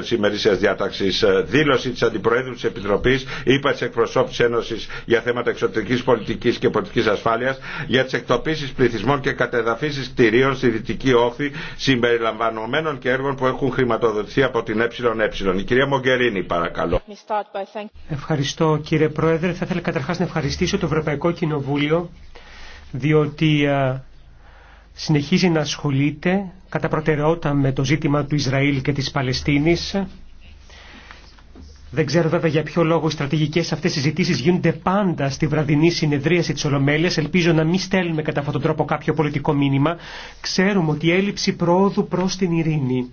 σημερισία διάταξη. Ε, δήλωση τη Αντιπροέδρου τη Επιτροπή, είπα τη Εκπροσώπηση Ένωση για θέματα εξωτερική πολιτική και πολιτική ασφάλεια, για τι εκτοπίσει πληθυσμών και κατεδαφίσει κτηρίων στη δυτική όφη συμπεριλαμβανομένων και έργων που έχουν χρηματοδοτηθεί από την ΕΕ. Η κυρία Μογκερίνη, παρακαλώ. Ευχαριστώ κύριε Πρόεδρε. Θα ήθελα καταρχά να ευχαριστήσω το Ευρωπαϊκό Κοινοβούλιο, διότι ε, συνεχίζει να ασχολείται κατά προτεραιότητα με το ζήτημα του Ισραήλ και της Παλαιστίνης. Δεν ξέρω βέβαια για ποιο λόγο οι στρατηγικές αυτές συζητήσεις γίνονται πάντα στη βραδινή συνεδρίαση της Ολομέλειας. Ελπίζω να μην στέλνουμε κατά αυτόν τον τρόπο κάποιο πολιτικό μήνυμα. Ξέρουμε ότι η έλλειψη πρόοδου προς την ειρήνη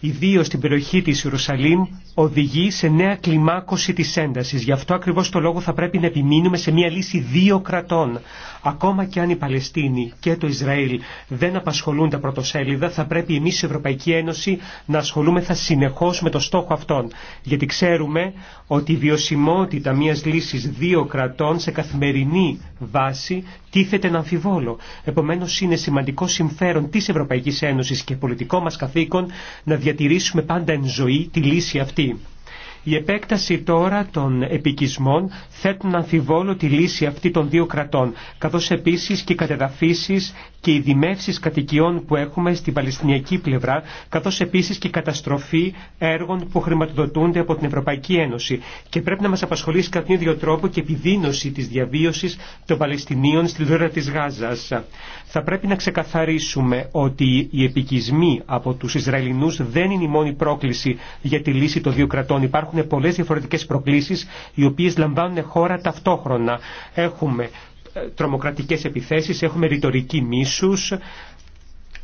ιδίω στην περιοχή της Ιερουσαλήμ, οδηγεί σε νέα κλιμάκωση της έντασης. Γι' αυτό ακριβώς το λόγο θα πρέπει να επιμείνουμε σε μια λύση δύο κρατών. Ακόμα και αν οι Παλαιστίνοι και το Ισραήλ δεν απασχολούν τα πρωτοσέλιδα, θα πρέπει εμείς η Ευρωπαϊκή Ένωση να ασχολούμεθα συνεχώς με το στόχο αυτόν. Γιατί ξέρουμε ότι η βιωσιμότητα μια λύσης δύο κρατών σε καθημερινή βάση τίθεται να αμφιβόλο. Επομένως είναι σημαντικό συμφέρον της Ευρωπαϊκής Ένωσης και πολιτικό μας καθήκον να διατηρήσουμε πάντα εν ζωή τη λύση αυτή. Η επέκταση τώρα των επικισμών θέτουν αμφιβόλο τη λύση αυτή των δύο κρατών, καθώς επίσης και οι κατεδαφίσεις και οι δημεύσει κατοικιών που έχουμε στην Παλαιστινιακή πλευρά, καθώ επίση και η καταστροφή έργων που χρηματοδοτούνται από την Ευρωπαϊκή Ένωση. Και πρέπει να μα απασχολήσει κατά τον ίδιο τρόπο και η επιδείνωση τη διαβίωση των Παλαιστινίων στη δώρα τη Γάζα. Θα πρέπει να ξεκαθαρίσουμε ότι οι επικισμοί από του Ισραηλινού δεν είναι η μόνη πρόκληση για τη λύση των δύο κρατών. Υπάρχουν πολλέ διαφορετικέ προκλήσει, οι οποίε λαμβάνουν χώρα ταυτόχρονα. Έχουμε τρομοκρατικές επιθέσεις, έχουμε ρητορική μίσους,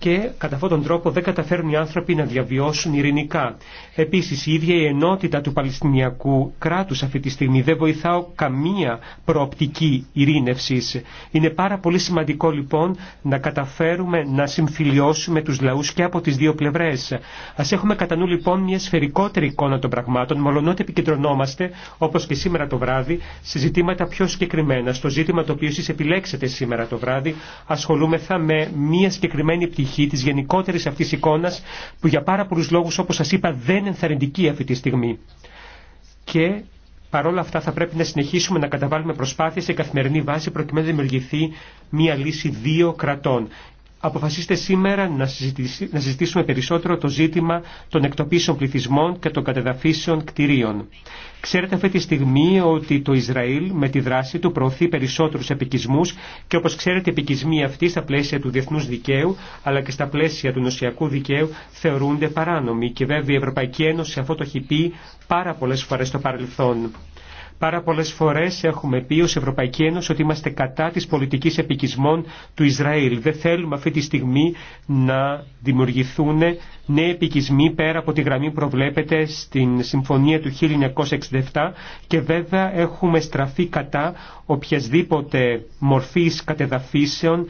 και κατά αυτόν τον τρόπο δεν καταφέρνουν οι άνθρωποι να διαβιώσουν ειρηνικά. Επίσης η ίδια η ενότητα του Παλαιστινιακού κράτους αυτή τη στιγμή δεν βοηθάω καμία προοπτική ειρήνευσης. Είναι πάρα πολύ σημαντικό λοιπόν να καταφέρουμε να συμφιλιώσουμε τους λαούς και από τις δύο πλευρές. Ας έχουμε κατά νου λοιπόν μια σφαιρικότερη εικόνα των πραγμάτων, μολονότι επικεντρωνόμαστε όπως και σήμερα το βράδυ σε ζητήματα πιο συγκεκριμένα. Στο ζήτημα το οποίο εσείς επιλέξετε σήμερα το βράδυ ασχολούμεθα με μια συγκεκριμένη πτυχή Τη της γενικότερης αυτής εικόνας που για πάρα πολλούς λόγους όπως σας είπα δεν είναι ενθαρρυντική αυτή τη στιγμή. Και παρόλα αυτά θα πρέπει να συνεχίσουμε να καταβάλουμε προσπάθειες σε καθημερινή βάση προκειμένου να δημιουργηθεί μια λύση δύο κρατών αποφασίστε σήμερα να, συζητήσουμε περισσότερο το ζήτημα των εκτοπίσεων πληθυσμών και των κατεδαφίσεων κτηρίων. Ξέρετε αυτή τη στιγμή ότι το Ισραήλ με τη δράση του προωθεί περισσότερους επικισμούς και όπως ξέρετε οι επικισμοί αυτοί στα πλαίσια του διεθνούς δικαίου αλλά και στα πλαίσια του νοσιακού δικαίου θεωρούνται παράνομοι και βέβαια η Ευρωπαϊκή Ένωση αυτό το έχει πει πάρα πολλές φορές στο παρελθόν. Πάρα πολλές φορές έχουμε πει ως Ευρωπαϊκή Ένωση ότι είμαστε κατά της πολιτικής επικισμών του Ισραήλ. Δεν θέλουμε αυτή τη στιγμή να δημιουργηθούν νέοι επικισμοί πέρα από τη γραμμή που προβλέπεται στην Συμφωνία του 1967 και βέβαια έχουμε στραφεί κατά οποιασδήποτε μορφής κατεδαφίσεων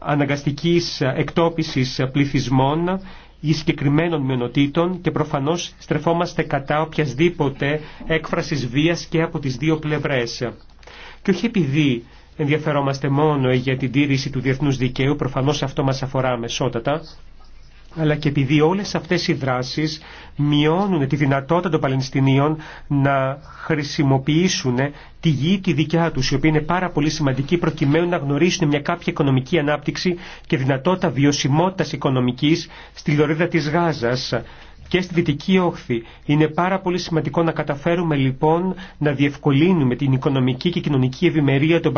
αναγκαστικής εκτόπισης πληθυσμών ή συγκεκριμένων μειονοτήτων και προφανώς στρεφόμαστε κατά οποιασδήποτε έκφρασης βίας και από τις δύο πλευρές. Και όχι επειδή ενδιαφερόμαστε μόνο για την τήρηση του διεθνούς δικαίου, προφανώς αυτό μας αφορά μεσότατα αλλά και επειδή όλες αυτές οι δράσεις μειώνουν τη δυνατότητα των Παλαιστινίων να χρησιμοποιήσουν τη γη τη δικιά τους, η οποία είναι πάρα πολύ σημαντική προκειμένου να γνωρίσουν μια κάποια οικονομική ανάπτυξη και δυνατότητα βιωσιμότητας οικονομικής στη λωρίδα της Γάζας και στη Δυτική Όχθη. Είναι πάρα πολύ σημαντικό να καταφέρουμε λοιπόν να διευκολύνουμε την οικονομική και κοινωνική ευημερία των,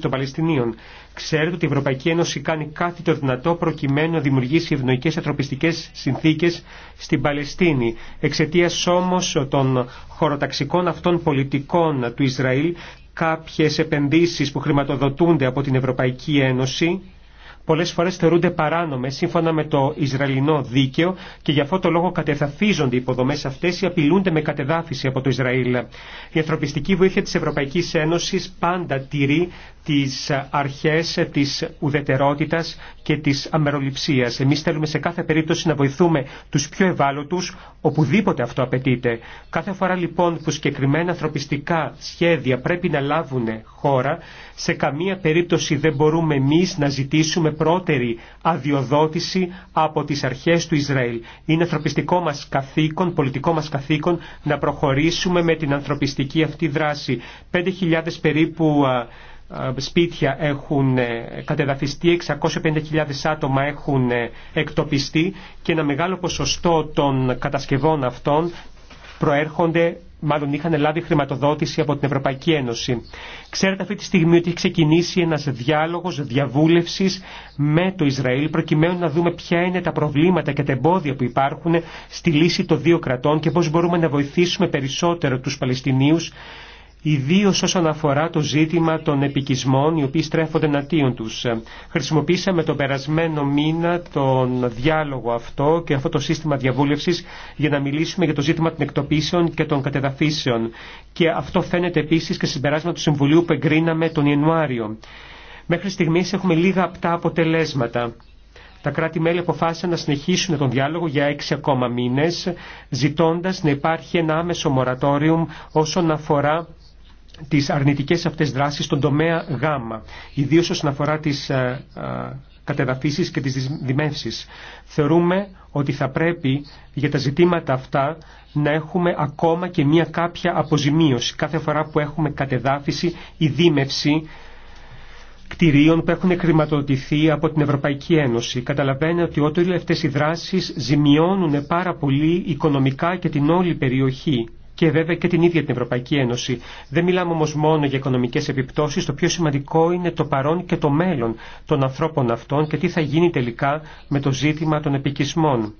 των Παλαιστινίων. Ξέρετε ότι η Ευρωπαϊκή Ένωση κάνει κάτι το δυνατό προκειμένου να δημιουργήσει ευνοϊκές ανθρωπιστικέ συνθήκες στην Παλαιστίνη. Εξαιτία όμω των χωροταξικών αυτών πολιτικών του Ισραήλ, κάποιες επενδύσεις που χρηματοδοτούνται από την Ευρωπαϊκή Ένωση πολλές φορές θεωρούνται παράνομες σύμφωνα με το Ισραηλινό δίκαιο και για αυτό το λόγο κατεδαφίζονται οι υποδομές αυτές ή απειλούνται με κατεδάφιση από το Ισραήλ. Η ανθρωπιστική βοήθεια της Ευρωπαϊκής Ένωσης πάντα τηρεί τις αρχές της ουδετερότητας και της αμεροληψίας. Εμείς θέλουμε σε κάθε περίπτωση να βοηθούμε τους πιο ευάλωτους οπουδήποτε αυτό απαιτείται. Κάθε φορά λοιπόν που συγκεκριμένα ανθρωπιστικά σχέδια πρέπει να λάβουν χώρα, σε καμία περίπτωση δεν μπορούμε εμείς να ζητήσουμε πρώτερη αδειοδότηση από τις αρχές του Ισραήλ. Είναι ανθρωπιστικό μας καθήκον, πολιτικό μας καθήκον να προχωρήσουμε με την ανθρωπιστική αυτή δράση. 5.000 περίπου σπίτια έχουν ε, κατεδαφιστεί, 650.000 άτομα έχουν ε, εκτοπιστεί και ένα μεγάλο ποσοστό των κατασκευών αυτών προέρχονται μάλλον είχαν λάβει χρηματοδότηση από την Ευρωπαϊκή Ένωση. Ξέρετε αυτή τη στιγμή ότι έχει ξεκινήσει ένας διάλογος διαβούλευσης με το Ισραήλ προκειμένου να δούμε ποια είναι τα προβλήματα και τα εμπόδια που υπάρχουν στη λύση των δύο κρατών και πώς μπορούμε να βοηθήσουμε περισσότερο τους Παλαιστινίους ιδίω όσον αφορά το ζήτημα των επικισμών οι οποίοι στρέφονται εναντίον του. Χρησιμοποίησαμε τον περασμένο μήνα τον διάλογο αυτό και αυτό το σύστημα διαβούλευση για να μιλήσουμε για το ζήτημα των εκτοπίσεων και των κατεδαφίσεων. Και αυτό φαίνεται επίση και συμπεράσμα του Συμβουλίου που εγκρίναμε τον Ιανουάριο. Μέχρι στιγμή έχουμε λίγα απτά αποτελέσματα. Τα κράτη-μέλη αποφάσισαν να συνεχίσουν τον διάλογο για έξι ακόμα μήνες, ζητώντας να υπάρχει ένα άμεσο μορατόριουμ όσον αφορά τις αρνητικές αυτές δράσεις στον τομέα Γ, ιδίως όσον αφορά τις ε, ε, κατεδαφίσεις και τις δημεύσεις. Θεωρούμε ότι θα πρέπει για τα ζητήματα αυτά να έχουμε ακόμα και μία κάποια αποζημίωση κάθε φορά που έχουμε κατεδάφιση ή δίμευση κτηρίων που έχουν χρηματοδοτηθεί από την Ευρωπαϊκή Ένωση. Καταλαβαίνετε ότι ό,τι αυτές οι δράσεις ζημιώνουν πάρα πολύ οικονομικά και την όλη περιοχή και βέβαια και την ίδια την Ευρωπαϊκή Ένωση. Δεν μιλάμε όμω μόνο για οικονομικέ επιπτώσει. Το πιο σημαντικό είναι το παρόν και το μέλλον των ανθρώπων αυτών και τι θα γίνει τελικά με το ζήτημα των επικισμών.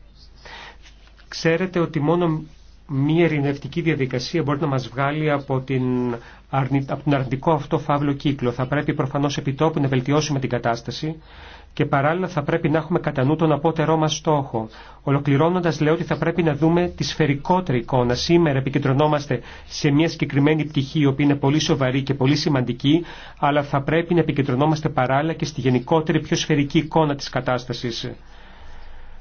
Ξέρετε ότι μόνο μία ειρηνευτική διαδικασία μπορεί να μας βγάλει από, την τον αρνητικό αυτό φαύλο κύκλο. Θα πρέπει προφανώς επιτόπου να βελτιώσουμε την κατάσταση, και παράλληλα θα πρέπει να έχουμε κατά νου τον απότερό μας στόχο. Ολοκληρώνοντας λέω ότι θα πρέπει να δούμε τη σφαιρικότερη εικόνα. Σήμερα επικεντρωνόμαστε σε μια συγκεκριμένη πτυχή η οποία είναι πολύ σοβαρή και πολύ σημαντική αλλά θα πρέπει να επικεντρωνόμαστε παράλληλα και στη γενικότερη πιο σφαιρική εικόνα της κατάστασης.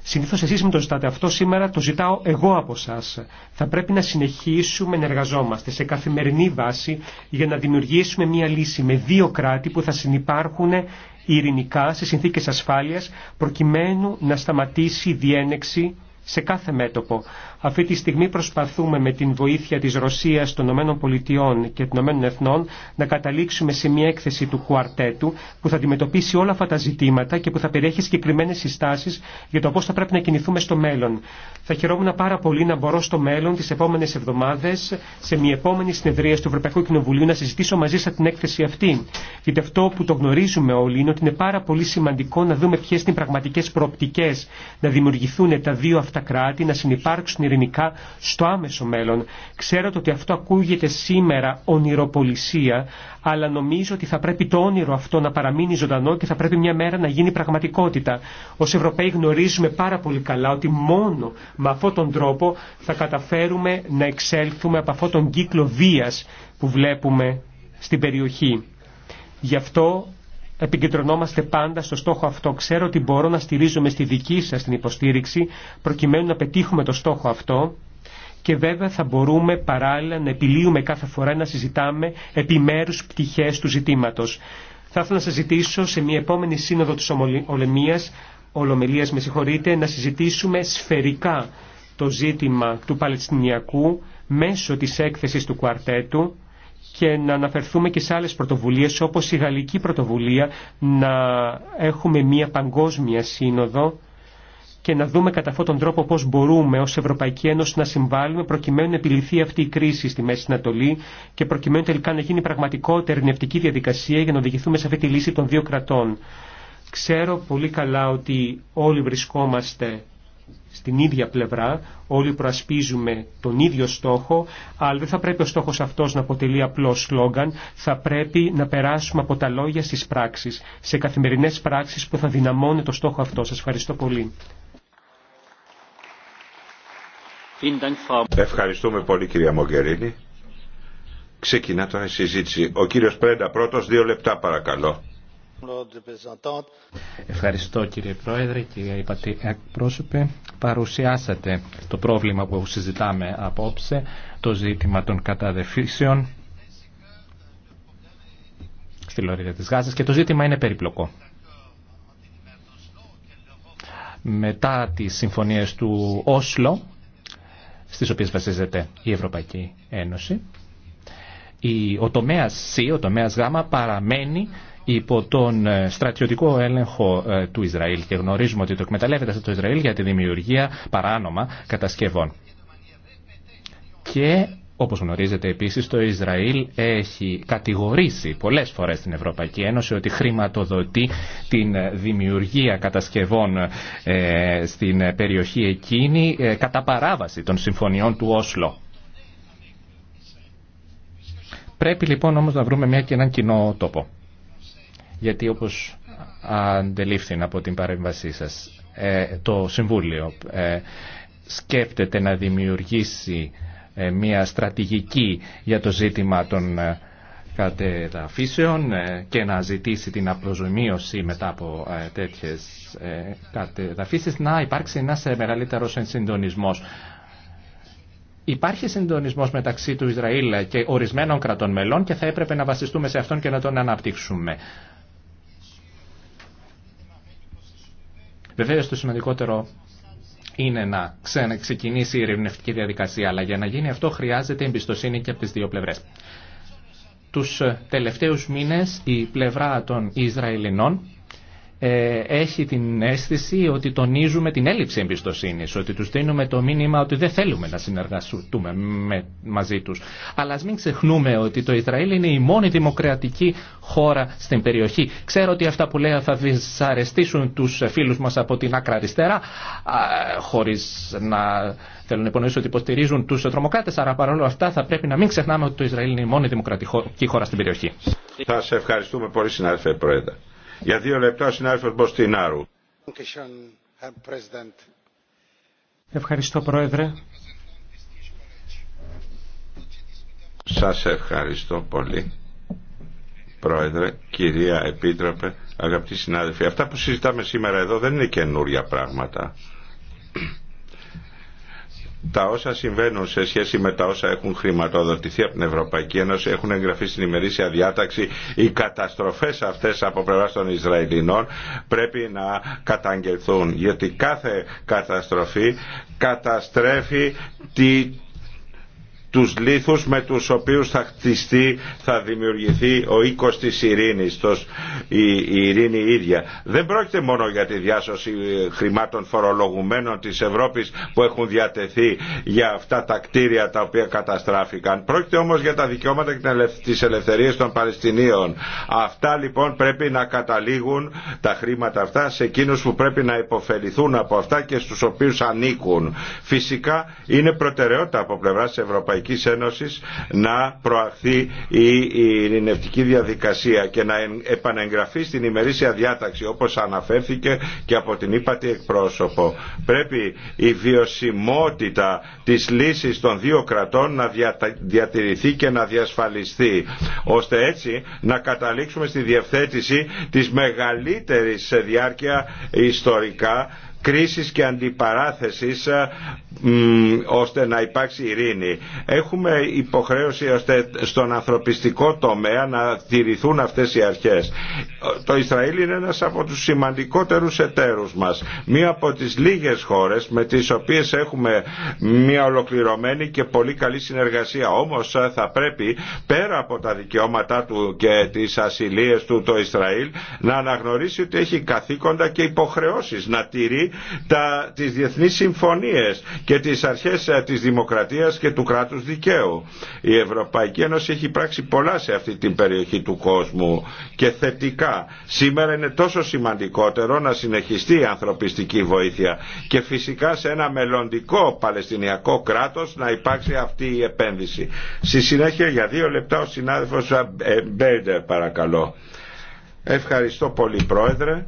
Συνήθως εσείς με το ζητάτε αυτό, σήμερα το ζητάω εγώ από εσά. Θα πρέπει να συνεχίσουμε να εργαζόμαστε σε καθημερινή βάση για να δημιουργήσουμε μια λύση με δύο κράτη που θα συνεπάρχουν ειρηνικά, σε συνθήκες ασφάλειας, προκειμένου να σταματήσει η διένεξη σε κάθε μέτωπο. Αυτή τη στιγμή προσπαθούμε με την βοήθεια της Ρωσίας, των ΗΠΑ και των εθνών να καταλήξουμε σε μια έκθεση του κουαρτέτου που θα αντιμετωπίσει όλα αυτά τα ζητήματα και που θα περιέχει συγκεκριμένε συστάσει για το πώ θα πρέπει να κινηθούμε στο μέλλον. Θα χαιρόμουν πάρα πολύ να μπορώ στο μέλλον τις επόμενε εβδομάδε, σε μια επόμενη συνεδρία του Ευρωπαϊκού Κοινοβουλίου να συζητήσω μαζί σα την έκθεση αυτή. Γιατί αυτό που το γνωρίζουμε όλοι είναι ότι είναι πάρα πολύ σημαντικό να δούμε ποιε είναι οι πραγματικέ προοπτικέ να δημιουργηθούν τα δύο αυτά κράτη, να συνεπάρξουν ειρηνικά στο άμεσο μέλλον. Ξέρω ότι αυτό ακούγεται σήμερα ονειροπολισία, αλλά νομίζω ότι θα πρέπει το όνειρο αυτό να παραμείνει ζωντανό και θα πρέπει μια μέρα να γίνει πραγματικότητα. Ω Ευρωπαίοι γνωρίζουμε πάρα πολύ καλά ότι μόνο με αυτόν τον τρόπο θα καταφέρουμε να εξέλθουμε από αυτόν τον κύκλο βία που βλέπουμε στην περιοχή. Γι' αυτό επικεντρωνόμαστε πάντα στο στόχο αυτό. Ξέρω ότι μπορώ να στηρίζομαι στη δική σας την υποστήριξη προκειμένου να πετύχουμε το στόχο αυτό και βέβαια θα μπορούμε παράλληλα να επιλύουμε κάθε φορά να συζητάμε επιμέρους πτυχές του ζητήματος. Θα ήθελα να σας ζητήσω σε μια επόμενη σύνοδο της Ολεμίας, Ολομελίας με συγχωρείτε, να συζητήσουμε σφαιρικά το ζήτημα του Παλαιστινιακού μέσω της έκθεσης του κουαρτέτου και να αναφερθούμε και σε άλλες πρωτοβουλίες όπως η γαλλική πρωτοβουλία να έχουμε μια παγκόσμια σύνοδο και να δούμε κατά αυτόν τον τρόπο πώς μπορούμε ως Ευρωπαϊκή Ένωση να συμβάλλουμε προκειμένου να επιληθεί αυτή η κρίση στη Μέση Ανατολή και προκειμένου τελικά να γίνει πραγματικότερη ερνευτική διαδικασία για να οδηγηθούμε σε αυτή τη λύση των δύο κρατών. Ξέρω πολύ καλά ότι όλοι βρισκόμαστε στην ίδια πλευρά, όλοι προασπίζουμε τον ίδιο στόχο, αλλά δεν θα πρέπει ο στόχος αυτός να αποτελεί απλό σλόγγαν, θα πρέπει να περάσουμε από τα λόγια στις πράξεις, σε καθημερινές πράξεις που θα δυναμώνει το στόχο αυτό. Σας ευχαριστώ πολύ. Ευχαριστούμε πολύ κυρία Μογκερίνη. Ξεκινά τώρα η συζήτηση. Ο κύριος Πρέντα πρώτος, δύο λεπτά παρακαλώ. Ευχαριστώ κύριε Πρόεδρε, κύριε Υπατή Εκπρόσωπε. Παρουσιάσατε το πρόβλημα που συζητάμε απόψε, το ζήτημα των καταδεφίσεων στη Λωρίδα της Γάζας και το ζήτημα είναι περίπλοκο. Μετά τις συμφωνίες του Όσλο, στις οποίες βασίζεται η Ευρωπαϊκή Ένωση, ο τομέας C, ο τομέας Γ παραμένει υπό τον ε, στρατιωτικό έλεγχο ε, του Ισραήλ και γνωρίζουμε ότι το εκμεταλλεύεται το Ισραήλ για τη δημιουργία παράνομα κατασκευών. Και όπως γνωρίζετε επίσης το Ισραήλ έχει κατηγορήσει πολλές φορές την Ευρωπαϊκή Ένωση ότι χρηματοδοτεί την ε, δημιουργία κατασκευών στην περιοχή εκείνη κατά παράβαση των συμφωνιών του Όσλο. Πρέπει λοιπόν όμως να βρούμε μια και έναν κοινό τόπο γιατί όπως αντελήφθη από την παρέμβασή σας, ε, το Συμβούλιο ε, σκέφτεται να δημιουργήσει ε, μια στρατηγική για το ζήτημα των κατεδαφίσεων και να ζητήσει την απροζημίωση μετά από τέτοιες κατεδαφίσεις να υπάρξει ένας μεγαλύτερος συντονισμός. Υπάρχει συντονισμό μεταξύ του Ισραήλ και ορισμένων κρατών μελών και θα έπρεπε να βασιστούμε σε αυτόν και να τον αναπτύξουμε. Βεβαίω το σημαντικότερο είναι να ξεκινήσει η ερευνευτική διαδικασία, αλλά για να γίνει αυτό χρειάζεται εμπιστοσύνη και από τι δύο πλευρέ. Του τελευταίου μήνε, η πλευρά των Ισραηλινών ε, έχει την αίσθηση ότι τονίζουμε την έλλειψη εμπιστοσύνης, ότι τους δίνουμε το μήνυμα ότι δεν θέλουμε να συνεργαστούμε μαζί τους. Αλλά ας μην ξεχνούμε ότι το Ισραήλ είναι η μόνη δημοκρατική χώρα στην περιοχή. Ξέρω ότι αυτά που λέω θα δυσαρεστήσουν τους φίλους μας από την άκρα αριστερά, χωρίς να θέλουν να υπονοήσουν ότι υποστηρίζουν τους τρομοκράτες, αλλά παρόλο αυτά θα πρέπει να μην ξεχνάμε ότι το Ισραήλ είναι η μόνη δημοκρατική χώρα στην περιοχή. Θα σε ευχαριστούμε πολύ συνάδελφε Πρόεδρε. Για δύο λεπτά ο συνάδελφος Μποστινάρου. Ευχαριστώ Πρόεδρε. Σας ευχαριστώ πολύ. Πρόεδρε, κυρία Επίτροπε, αγαπητοί συνάδελφοι, αυτά που συζητάμε σήμερα εδώ δεν είναι καινούρια πράγματα τα όσα συμβαίνουν σε σχέση με τα όσα έχουν χρηματοδοτηθεί από την Ευρωπαϊκή Ένωση έχουν εγγραφεί στην ημερήσια διάταξη οι καταστροφές αυτές από πλευρά των Ισραηλινών πρέπει να καταγγελθούν γιατί κάθε καταστροφή καταστρέφει τη, τους λίθους με τους οποίους θα χτιστεί, θα δημιουργηθεί ο οίκος της ειρήνης, η, η ειρήνη ίδια. Δεν πρόκειται μόνο για τη διάσωση ε, χρημάτων φορολογουμένων της Ευρώπης που έχουν διατεθεί για αυτά τα κτίρια τα οποία καταστράφηκαν. Πρόκειται όμως για τα δικαιώματα και τις ελευθερίες των Παλαιστινίων. Αυτά λοιπόν πρέπει να καταλήγουν τα χρήματα αυτά σε εκείνους που πρέπει να υποφεληθούν από αυτά και στους οποίους ανήκουν. Φυσικά είναι προτεραιότητα από πλευράς της Ευρωπαϊκής Ευρωπαϊκής να προαχθεί η ειρηνευτική διαδικασία και να επανεγγραφεί στην ημερήσια διάταξη όπως αναφέρθηκε και από την ύπατη εκπρόσωπο. Πρέπει η βιωσιμότητα της λύσης των δύο κρατών να διατηρηθεί και να διασφαλιστεί ώστε έτσι να καταλήξουμε στη διευθέτηση της μεγαλύτερης σε διάρκεια ιστορικά κρίσης και αντιπαράθεσης ε, ώστε να υπάρξει ειρήνη. Έχουμε υποχρέωση ώστε στον ανθρωπιστικό τομέα να τηρηθούν αυτές οι αρχές. Το Ισραήλ είναι ένας από τους σημαντικότερους εταίρους μας. Μία από τις λίγες χώρες με τις οποίες έχουμε μια ολοκληρωμένη και πολύ καλή συνεργασία. Όμως ε, θα πρέπει πέρα από τα δικαιώματά του και τις ασυλίες του το Ισραήλ να αναγνωρίσει ότι έχει καθήκοντα και υποχρεώσεις να τηρεί τα, τις διεθνείς συμφωνίες και τις αρχές ε, της δημοκρατίας και του κράτους δικαίου. Η Ευρωπαϊκή Ένωση έχει πράξει πολλά σε αυτή την περιοχή του κόσμου και θετικά. Σήμερα είναι τόσο σημαντικότερο να συνεχιστεί η ανθρωπιστική βοήθεια και φυσικά σε ένα μελλοντικό παλαιστινιακό κράτος να υπάρξει αυτή η επένδυση. Στη συνέχεια για δύο λεπτά ο συνάδελφος παρακαλώ. Ευχαριστώ πολύ Πρόεδρε.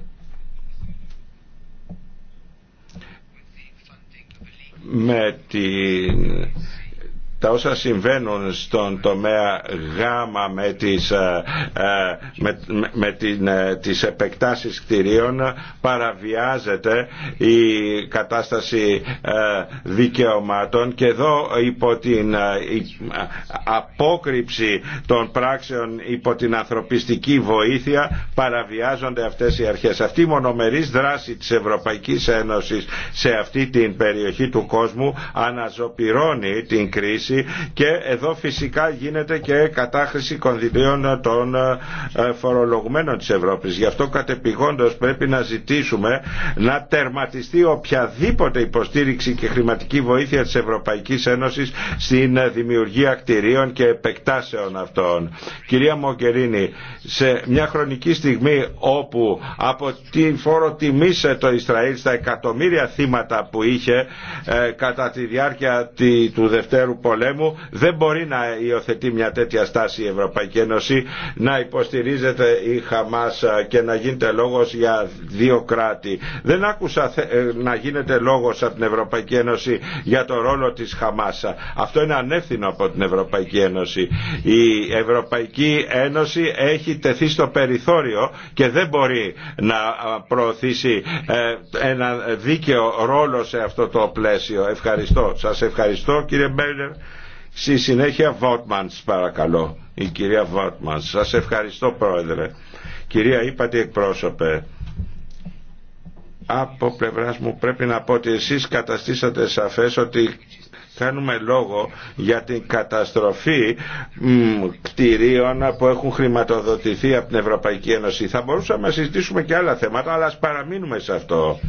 με την τα όσα συμβαίνουν στον τομέα γάμα με τις, ε, ε, με, με την, ε, τις επεκτάσεις κτηρίων παραβιάζεται η κατάσταση δικαιωμάτων και εδώ υπό την απόκρυψη των πράξεων υπό την ανθρωπιστική βοήθεια παραβιάζονται αυτές οι αρχές. Αυτή η μονομερής δράση της Ευρωπαϊκής Ένωσης σε αυτή την περιοχή του κόσμου αναζωπυρώνει την κρίση και εδώ φυσικά γίνεται και κατάχρηση κονδυλίων των ε, φορολογουμένων της Ευρώπης. Γι' αυτό κατεπηγόντως πρέπει να ζητήσουμε να τερματιστεί οποιαδήποτε υποστήριξη και χρηματική βοήθεια της Ευρωπαϊκής Ένωσης στην ε, δημιουργία κτηρίων και επεκτάσεων αυτών. Κυρία Μογκερίνη, σε μια χρονική στιγμή όπου από την φόρο τιμήσε το Ισραήλ στα εκατομμύρια θύματα που είχε ε, κατά τη διάρκεια του Δευτέρου πολέμου πολέμου δεν μπορεί να υιοθετεί μια τέτοια στάση η Ευρωπαϊκή Ένωση να υποστηρίζεται η Χαμάς ε, και να γίνεται λόγος για δύο κράτη. Δεν άκουσα ε, να γίνεται λόγος από την Ευρωπαϊκή Ένωση για το ρόλο της Χαμάς. Αυτό είναι ανεύθυνο από την Ευρωπαϊκή Ένωση. Η Ευρωπαϊκή Ένωση έχει τεθεί στο περιθώριο και δεν μπορεί να ε, προωθήσει ένα δίκαιο ρόλο σε αυτό το πλαίσιο. Ευχαριστώ. Σας ευχαριστώ κύριε Μπέλλερ. Στη συνέχεια Βότμανς παρακαλώ. Η κυρία Βότμανς. Σας ευχαριστώ πρόεδρε. Κυρία είπατε εκπρόσωπε. Από πλευράς μου πρέπει να πω ότι εσείς καταστήσατε σαφές ότι κάνουμε λόγο για την καταστροφή κτηρίων που έχουν χρηματοδοτηθεί από την Ευρωπαϊκή Ένωση. Θα μπορούσαμε να συζητήσουμε και άλλα θέματα, αλλά ας παραμείνουμε σε αυτό.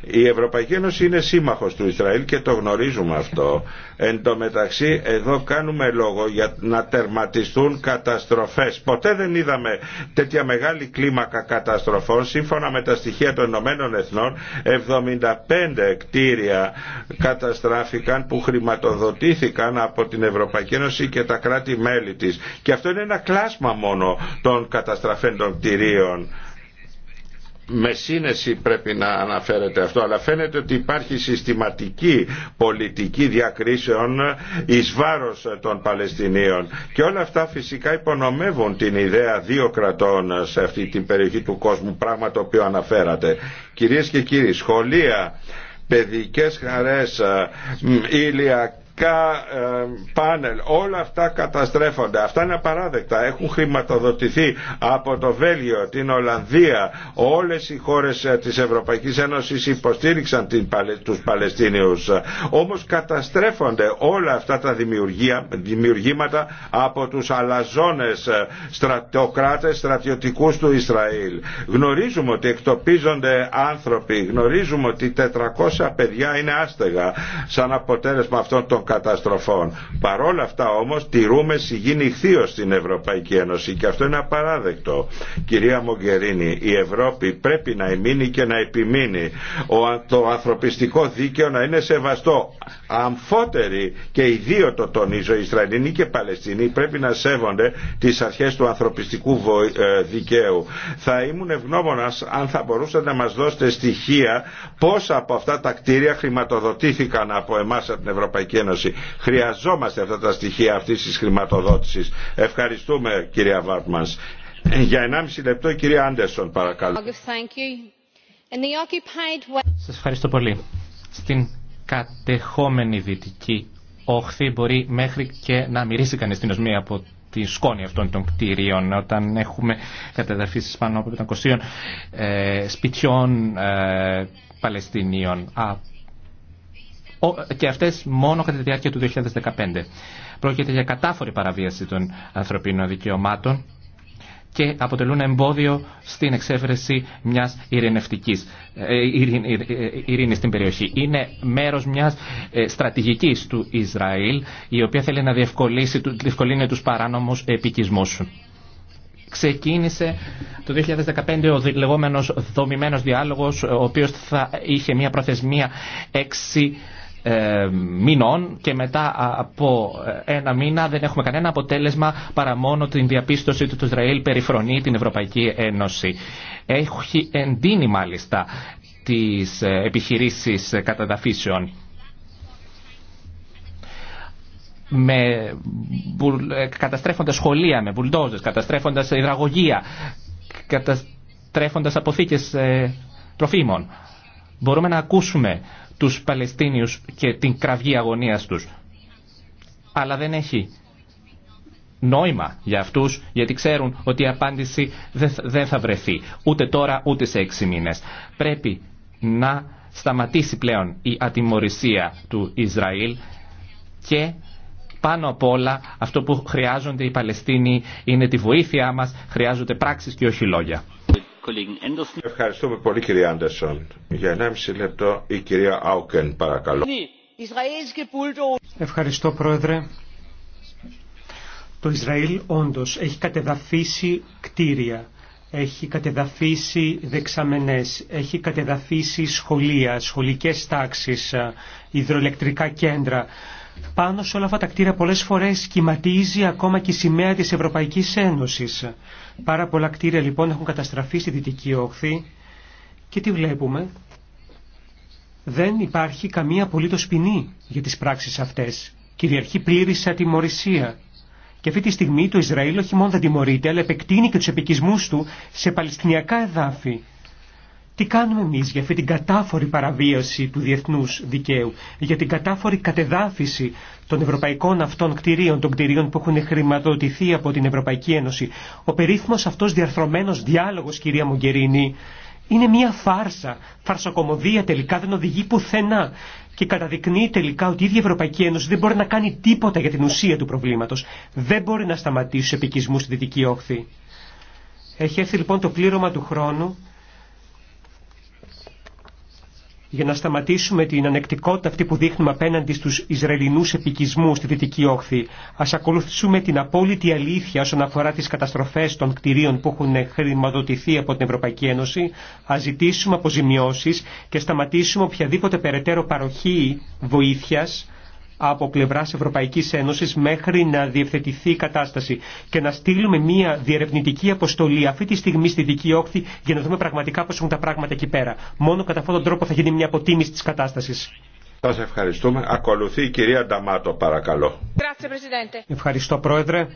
Η Ευρωπαϊκή Ένωση είναι σύμμαχος του Ισραήλ και το γνωρίζουμε αυτό. Εν τω μεταξύ εδώ κάνουμε λόγο για να τερματιστούν καταστροφές. Ποτέ δεν είδαμε τέτοια μεγάλη κλίμακα καταστροφών. Σύμφωνα με τα στοιχεία των Ηνωμένων Εθνών, 75 κτίρια καταστράφηκαν που χρηματοδοτήθηκαν χρηματοδοτήθηκαν από την Ευρωπαϊκή Ένωση και τα κράτη-μέλη της. Και αυτό είναι ένα κλάσμα μόνο των καταστραφέντων κτηρίων με σύνεση πρέπει να αναφέρεται αυτό, αλλά φαίνεται ότι υπάρχει συστηματική πολιτική διακρίσεων εις βάρος των Παλαιστινίων. Και όλα αυτά φυσικά υπονομεύουν την ιδέα δύο κρατών σε αυτή την περιοχή του κόσμου, πράγμα το οποίο αναφέρατε. Κυρίες και κύριοι, σχολεία, παιδικές χαρές, ήλια ε, πάνελ. Όλα αυτά καταστρέφονται. Αυτά είναι απαράδεκτα. Έχουν χρηματοδοτηθεί από το Βέλγιο, την Ολλανδία. Όλες οι χώρες ε, της Ευρωπαϊκής Ένωσης υποστήριξαν την, τους Παλαιστίνιους. Όμως καταστρέφονται όλα αυτά τα δημιουργία, δημιουργήματα από τους αλαζόνες ε, στρατοκράτες στρατιωτικούς του Ισραήλ. Γνωρίζουμε ότι εκτοπίζονται άνθρωποι. Γνωρίζουμε ότι 400 παιδιά είναι άστεγα σαν αποτέλεσμα αυτών των καταστροφών. Παρόλα αυτά όμως τηρούμε συγγύνη χθείο στην Ευρωπαϊκή Ένωση και αυτό είναι απαράδεκτο. Κυρία Μογκερίνη, η Ευρώπη πρέπει να εμείνει και να επιμείνει το ανθρωπιστικό δίκαιο να είναι σεβαστό. Αμφότεροι και οι δύο το τονίζω, Ισραηλινοί και Παλαιστινοί πρέπει να σέβονται τις αρχές του ανθρωπιστικού ε, δικαίου. Θα ήμουν ευγνώμονας αν θα μπορούσατε να μας δώσετε στοιχεία πόσα από αυτά τα κτίρια χρηματοδοτήθηκαν από εμάς από την Ευρωπαϊκή Ένωση Χρειαζόμαστε αυτά τα στοιχεία αυτής της χρηματοδότηση. Ευχαριστούμε κυρία Βάρτμαν. Για 1,5 λεπτό η κυρία Άντερσον παρακαλώ. Σας ευχαριστώ πολύ. Στην κατεχόμενη δυτική όχθη μπορεί μέχρι και να μυρίσει κανείς την οσμία από τη σκόνη αυτών των κτίριων όταν έχουμε κατεδαφίσεις πάνω από 500 ε, σπιτιών ε, Παλαιστινίων και αυτές μόνο κατά τη διάρκεια του 2015. Πρόκειται για κατάφορη παραβίαση των ανθρωπίνων δικαιωμάτων και αποτελούν εμπόδιο στην εξέφρεση μιας ειρηνευτική ε, ειρηνή ε, ε, στην περιοχή. Είναι μέρος μιας στρατηγικής του Ισραήλ η οποία θέλει να διευκολύνει του παράνομου επικισμού. ξεκίνησε το 2015 ο λεγόμενος δομημένος διάλογος, ο οποίος θα είχε μια προθεσμία έξι ε, μηνών και μετά από ε, ένα μήνα δεν έχουμε κανένα αποτέλεσμα παρά μόνο την διαπίστωση ότι το Ισραήλ περιφρονεί την Ευρωπαϊκή Ένωση. Έχει εντείνει μάλιστα τις ε, επιχειρήσεις καταδαφίσεων. Με, καταστρέφοντας σχολεία με βουλντόζες, καταστρέφοντας υδραγωγία, καταστρέφοντας αποθήκες τροφίμων Μπορούμε να ακούσουμε τους Παλαιστίνιους και την κραυγή αγωνίας τους. Αλλά δεν έχει νόημα για αυτούς γιατί ξέρουν ότι η απάντηση δεν θα βρεθεί ούτε τώρα ούτε σε έξι μήνες. Πρέπει να σταματήσει πλέον η ατιμορρησία του Ισραήλ και πάνω απ' όλα αυτό που χρειάζονται οι Παλαιστίνοι είναι τη βοήθειά μας, χρειάζονται πράξεις και όχι λόγια. Ευχαριστούμε πολύ κύριε Άντερσον. Για 1,5 λεπτό η κυρία Άουκεν παρακαλώ. Ναι, Ευχαριστώ πρόεδρε. Το Ισραήλ όντως έχει κατεδαφίσει κτίρια, έχει κατεδαφίσει δεξαμενές, έχει κατεδαφίσει σχολεία, σχολικές τάξεις, υδροελεκτρικά κέντρα. Πάνω σε όλα αυτά τα κτίρια πολλές φορές σχηματίζει ακόμα και η σημαία της Ευρωπαϊκής Ένωσης. Πάρα πολλά κτίρια λοιπόν έχουν καταστραφεί στη Δυτική Όχθη και τι βλέπουμε. Δεν υπάρχει καμία απολύτως ποινή για τις πράξεις αυτές. Κυριαρχεί πλήρης ατιμορρησία. Και αυτή τη στιγμή το Ισραήλ όχι μόνο δεν τιμωρείται, αλλά επεκτείνει και τους επικισμούς του σε παλαιστινιακά εδάφη. Τι κάνουμε εμείς για αυτή την κατάφορη παραβίαση του διεθνούς δικαίου, για την κατάφορη κατεδάφιση των ευρωπαϊκών αυτών κτηρίων, των κτηρίων που έχουν χρηματοδοτηθεί από την Ευρωπαϊκή Ένωση. Ο περίφημος αυτός διαρθρωμένος διάλογος, κυρία Μογκερίνη, είναι μια φάρσα, φαρσοκομωδία τελικά, δεν οδηγεί πουθενά και καταδεικνύει τελικά ότι η ίδια Ευρωπαϊκή Ένωση δεν μπορεί να κάνει τίποτα για την ουσία του προβλήματος. Δεν μπορεί να σταματήσει επικισμού στη Δυτική Όχθη. Έχει έρθει λοιπόν το πλήρωμα του χρόνου για να σταματήσουμε την ανεκτικότητα αυτή που δείχνουμε απέναντι στους Ισραηλινούς επικισμούς στη Δυτική Όχθη. Ας ακολουθήσουμε την απόλυτη αλήθεια όσον αφορά τις καταστροφές των κτηρίων που έχουν χρηματοδοτηθεί από την Ευρωπαϊκή Ένωση, ας ζητήσουμε αποζημιώσεις και σταματήσουμε οποιαδήποτε περαιτέρω παροχή βοήθειας από πλευρά Ευρωπαϊκή Ένωση μέχρι να διευθετηθεί η κατάσταση και να στείλουμε μια διερευνητική αποστολή αυτή τη στιγμή στη Δική Όχθη για να δούμε πραγματικά πώ έχουν τα πράγματα εκεί πέρα. Μόνο κατά αυτόν τον τρόπο θα γίνει μια αποτίμηση τη κατάσταση. Σας ευχαριστούμε. Ακολουθεί η κυρία Νταμάτο, παρακαλώ. Ευχαριστώ, Πρόεδρε.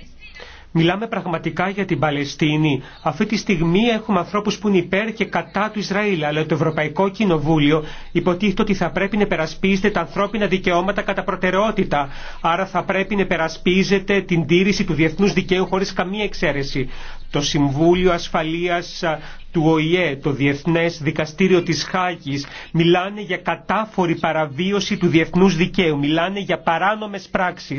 Μιλάμε πραγματικά για την Παλαιστίνη. Αυτή τη στιγμή έχουμε ανθρώπους που είναι υπέρ και κατά του Ισραήλ, αλλά το Ευρωπαϊκό Κοινοβούλιο υποτίθεται ότι θα πρέπει να περασπίζεται τα ανθρώπινα δικαιώματα κατά προτεραιότητα. Άρα θα πρέπει να περασπίζεται την τήρηση του διεθνούς δικαίου χωρίς καμία εξαίρεση. Το Συμβούλιο Ασφαλείας του ΟΗΕ, το Διεθνές Δικαστήριο της Χάγης, μιλάνε για κατάφορη παραβίωση του διεθνού δικαίου, μιλάνε για παράνομε πράξει.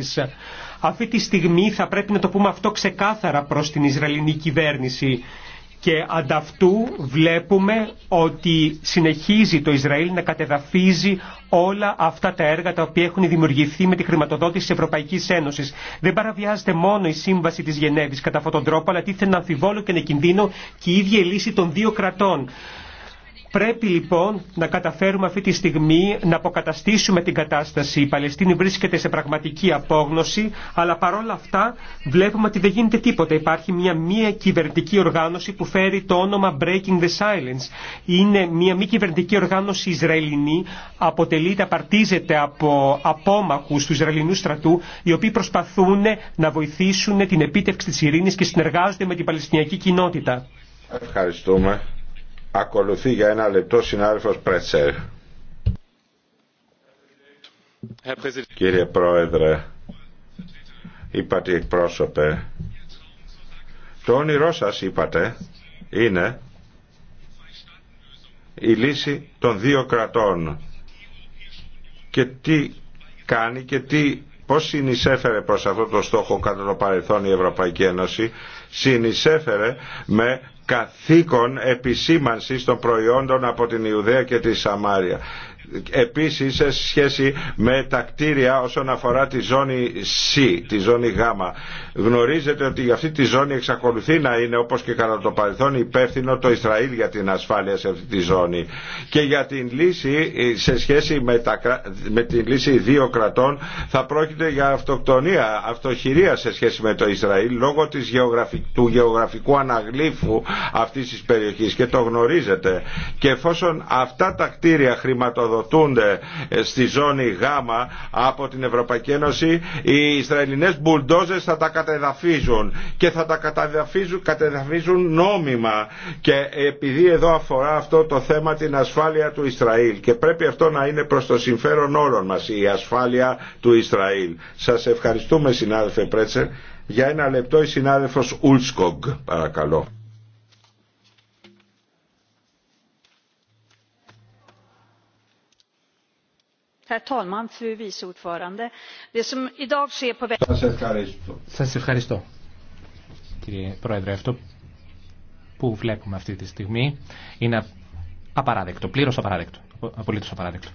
Αυτή τη στιγμή θα πρέπει να το πούμε αυτό ξεκάθαρα προς την Ισραηλινή κυβέρνηση και ανταυτού βλέπουμε ότι συνεχίζει το Ισραήλ να κατεδαφίζει όλα αυτά τα έργα τα οποία έχουν δημιουργηθεί με τη χρηματοδότηση της Ευρωπαϊκής Ένωσης. Δεν παραβιάζεται μόνο η σύμβαση της Γενέβης κατά αυτόν τον τρόπο, αλλά τίθεται να αμφιβόλο και να κινδύνω και η ίδια η λύση των δύο κρατών. Πρέπει λοιπόν να καταφέρουμε αυτή τη στιγμή να αποκαταστήσουμε την κατάσταση. Η Παλαιστίνη βρίσκεται σε πραγματική απόγνωση, αλλά παρόλα αυτά βλέπουμε ότι δεν γίνεται τίποτα. Υπάρχει μια μη κυβερνητική οργάνωση που φέρει το όνομα Breaking the Silence. Είναι μια μη κυβερνητική οργάνωση Ισραηλινή, αποτελείται, απαρτίζεται από απόμακους του Ισραηλινού στρατού, οι οποίοι προσπαθούν να βοηθήσουν την επίτευξη τη Ειρηνή και συνεργάζονται με την Παλαιστινιακή κοινότητα. Ευχαριστούμε. Ακολουθεί για ένα λεπτό συνάδελφος Πρέτσερ. Κύριε Πρόεδρε, είπατε εκπρόσωπε, το όνειρό σας είπατε είναι η λύση των δύο κρατών και τι κάνει και τι, πώς συνεισέφερε προς αυτό το στόχο κατά το παρελθόν η Ευρωπαϊκή Ένωση συνεισέφερε με καθήκον επισήμανσης των προϊόντων από την Ιουδαία και τη Σαμάρια επίσης σε σχέση με τα κτίρια όσον αφορά τη ζώνη C, τη ζώνη Γ. Γνωρίζετε ότι για αυτή τη ζώνη εξακολουθεί να είναι όπως και κατά το παρελθόν υπεύθυνο το Ισραήλ για την ασφάλεια σε αυτή τη ζώνη και για την λύση σε σχέση με, με την λύση δύο κρατών θα πρόκειται για αυτοκτονία, αυτοχειρία σε σχέση με το Ισραήλ λόγω της του γεωγραφικού αναγλύφου αυτής της περιοχής και το γνωρίζετε και εφόσον αυτά τα κτίρια ε, στη ζώνη Γ από την Ευρωπαϊκή Ένωση, οι Ισραηλινές μπουλντόζες θα τα κατεδαφίζουν και θα τα κατεδαφίζουν, κατεδαφίζουν νόμιμα και επειδή εδώ αφορά αυτό το θέμα την ασφάλεια του Ισραήλ και πρέπει αυτό να είναι προς το συμφέρον όλων μας η ασφάλεια του Ισραήλ. Σας ευχαριστούμε συνάδελφε Πρέτσε. Για ένα λεπτό η συνάδελφος παρακαλώ. Σα Σας ευχαριστώ. Κύριε Πρόεδρε, αυτό που βλέπουμε αυτή τη στιγμή είναι απαράδεκτο, πλήρως απαράδεκτο, απολύτως απαράδεκτο.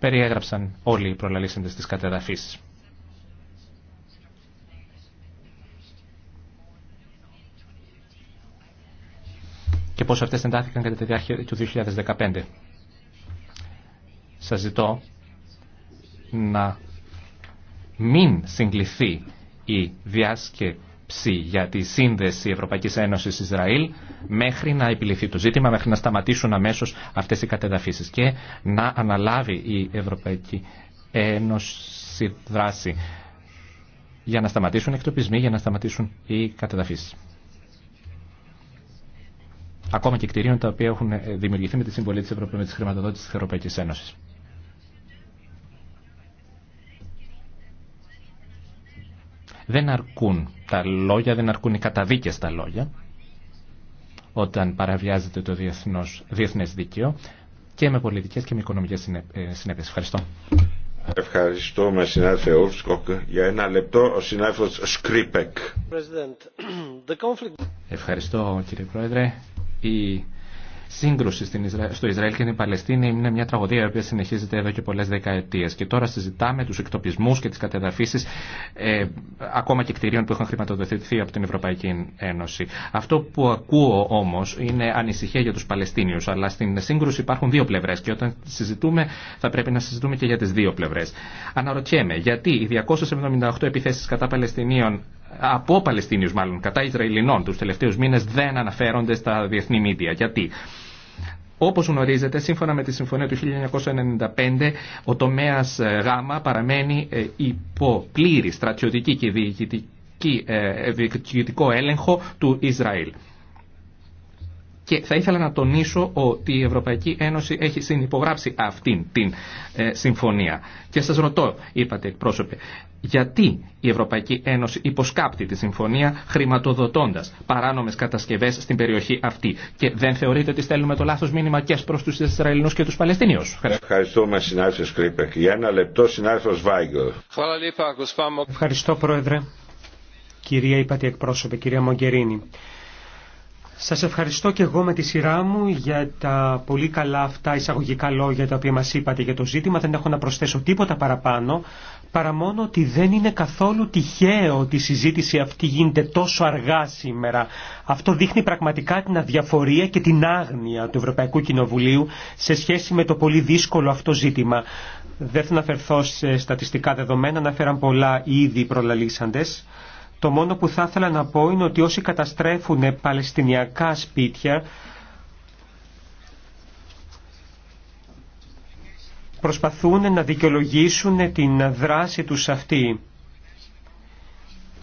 Περιέγραψαν όλοι οι προλαλήσαντες της κατεδαφής. Και πώς αυτές εντάθηκαν κατά τη διάρκεια του 2015. Σας ζητώ να μην συγκληθεί η διάσκεψη για τη σύνδεση Ευρωπαϊκής Ένωσης Ισραήλ μέχρι να επιληθεί το ζήτημα, μέχρι να σταματήσουν αμέσως αυτές οι κατεδαφίσεις και να αναλάβει η Ευρωπαϊκή Ένωση δράση για να σταματήσουν εκτοπισμοί, για να σταματήσουν οι κατεδαφίσεις. Ακόμα και κτηρίων τα οποία έχουν δημιουργηθεί με τη συμβολή της, Ευρωπαϊκής, της Ευρωπαϊκής Ένωσης. Δεν αρκούν τα λόγια, δεν αρκούν οι καταδίκες τα λόγια όταν παραβιάζεται το διεθνώς, διεθνές δίκαιο και με πολιτικές και με οικονομικές ε, συνέπειες. Ευχαριστώ. με συνάδελφε Για ένα λεπτό ο συνάδελφος Σκρίπεκ. Ευχαριστώ κύριε Πρόεδρε σύγκρουση στο Ισραήλ και την Παλαιστίνη είναι μια τραγωδία η οποία συνεχίζεται εδώ και πολλέ δεκαετίε. Και τώρα συζητάμε του εκτοπισμού και τι κατεδαφίσει ε, ακόμα και κτηρίων που έχουν χρηματοδοτηθεί από την Ευρωπαϊκή Ένωση. Αυτό που ακούω όμω είναι ανησυχία για του Παλαιστίνιου. Αλλά στην σύγκρουση υπάρχουν δύο πλευρέ και όταν συζητούμε θα πρέπει να συζητούμε και για τι δύο πλευρέ. Αναρωτιέμαι γιατί οι 278 επιθέσει κατά Παλαιστινίων από Παλαιστίνιους μάλλον, κατά Ισραηλινών τους τελευταίους μήνες δεν αναφέρονται στα διεθνή μίδια. Γιατί όπως γνωρίζετε, σύμφωνα με τη Συμφωνία του 1995, ο τομέας ε, Γ παραμένει ε, υπό πλήρη στρατιωτική και διοικητική, ε, διοικητικό έλεγχο του Ισραήλ και θα ήθελα να τονίσω ότι η Ευρωπαϊκή Ένωση έχει συνυπογράψει αυτήν την ε, συμφωνία. Και σας ρωτώ, είπατε εκπρόσωπε, γιατί η Ευρωπαϊκή Ένωση υποσκάπτει τη συμφωνία χρηματοδοτώντας παράνομες κατασκευές στην περιοχή αυτή και δεν θεωρείτε ότι στέλνουμε το λάθος μήνυμα και προς τους Ισραηλινούς και τους Παλαιστινίους. Ευχαριστούμε συνάδελφε Σκρίπεκ. Για ένα λεπτό συνάδελφος Βάγκο. Ευχαριστώ Πρόεδρε. Κυρία Υπατή Εκπρόσωπε, κυρία Μογκερίνη. Σας ευχαριστώ και εγώ με τη σειρά μου για τα πολύ καλά αυτά εισαγωγικά λόγια τα οποία μας είπατε για το ζήτημα. Δεν έχω να προσθέσω τίποτα παραπάνω παρά μόνο ότι δεν είναι καθόλου τυχαίο ότι η συζήτηση αυτή γίνεται τόσο αργά σήμερα. Αυτό δείχνει πραγματικά την αδιαφορία και την άγνοια του Ευρωπαϊκού Κοινοβουλίου σε σχέση με το πολύ δύσκολο αυτό ζήτημα. Δεν θα αναφερθώ σε στατιστικά δεδομένα, αναφέραν πολλά ήδη προλαλήσαντες. Το μόνο που θα ήθελα να πω είναι ότι όσοι καταστρέφουν παλαιστινιακά σπίτια προσπαθούν να δικαιολογήσουν την δράση τους αυτή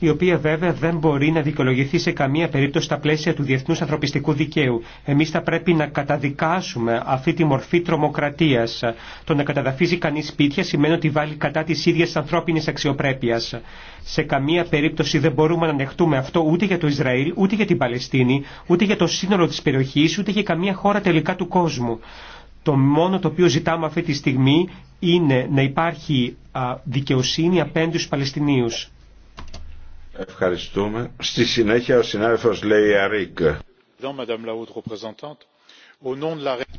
η οποία βέβαια δεν μπορεί να δικαιολογηθεί σε καμία περίπτωση στα πλαίσια του διεθνούς ανθρωπιστικού δικαίου. Εμείς θα πρέπει να καταδικάσουμε αυτή τη μορφή τρομοκρατίας. Το να καταδαφίζει κανείς σπίτια σημαίνει ότι βάλει κατά της ίδιας ανθρώπινης αξιοπρέπειας. Σε καμία περίπτωση δεν μπορούμε να ανεχτούμε αυτό ούτε για το Ισραήλ, ούτε για την Παλαιστίνη, ούτε για το σύνολο της περιοχής, ούτε για καμία χώρα τελικά του κόσμου. Το μόνο το οποίο ζητάμε αυτή τη στιγμή είναι να υπάρχει δικαιοσύνη απέναντι στους Παλαιστινίους. Ευχαριστούμε. Στη συνέχεια ο συνάδελφος λέει Αρίγκ.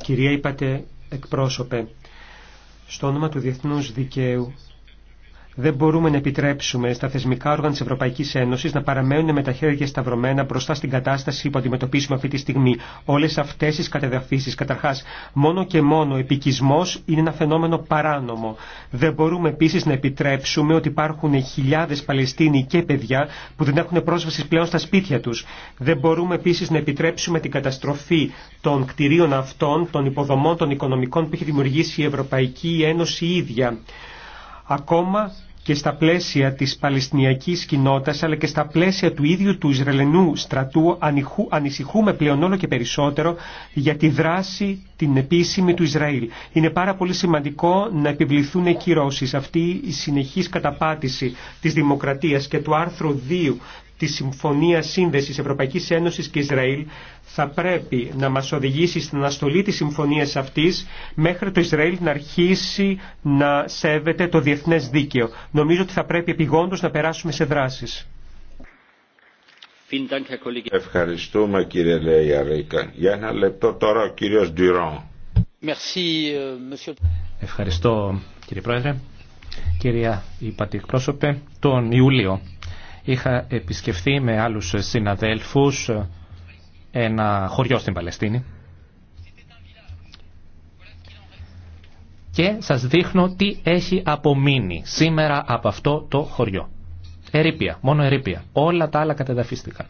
Κυρία είπατε εκπρόσωπε, στο όνομα του Διεθνούς Δικαίου δεν μπορούμε να επιτρέψουμε στα θεσμικά όργανα τη Ευρωπαϊκή Ένωση να παραμένουν με τα χέρια σταυρωμένα μπροστά στην κατάσταση που αντιμετωπίσουμε αυτή τη στιγμή. Όλε αυτέ τι κατεδαφίσει, καταρχά, μόνο και μόνο ο επικισμό είναι ένα φαινόμενο παράνομο. Δεν μπορούμε επίση να επιτρέψουμε ότι υπάρχουν χιλιάδε Παλαιστίνοι και παιδιά που δεν έχουν πρόσβαση πλέον στα σπίτια του. Δεν μπορούμε επίση να επιτρέψουμε την καταστροφή των κτηρίων αυτών, των υποδομών, των οικονομικών που έχει δημιουργήσει η Ευρωπαϊκή Ένωση ίδια. Ακόμα και στα πλαίσια της Παλαιστινιακής κοινότητας αλλά και στα πλαίσια του ίδιου του Ισραηλινού στρατού ανησυχούμε πλέον όλο και περισσότερο για τη δράση την επίσημη του Ισραήλ. Είναι πάρα πολύ σημαντικό να επιβληθούν κυρώσει Αυτή η συνεχής καταπάτηση της δημοκρατίας και του άρθρου 2 τη Συμφωνία σύνδεση Ευρωπαϊκή Ένωση και Ισραήλ θα πρέπει να μα οδηγήσει στην αναστολή τη συμφωνία αυτή μέχρι το Ισραήλ να αρχίσει να σέβεται το διεθνέ δίκαιο. Νομίζω ότι θα πρέπει επιγόντω να περάσουμε σε δράσει. Ευχαριστούμε κύριε Λέια Ρίκα. Για ένα λεπτό τώρα ο κύριος Ντυρόν. Euh, Ευχαριστώ κύριε Πρόεδρε. Κυρία Υπατή Πρόσωπε, τον Ιούλιο Είχα επισκεφθεί με άλλους συναδέλφους ένα χωριό στην Παλαιστίνη. Και σας δείχνω τι έχει απομείνει σήμερα από αυτό το χωριό. Ερήπια, μόνο ερήπια. Όλα τα άλλα κατεδαφίστηκαν.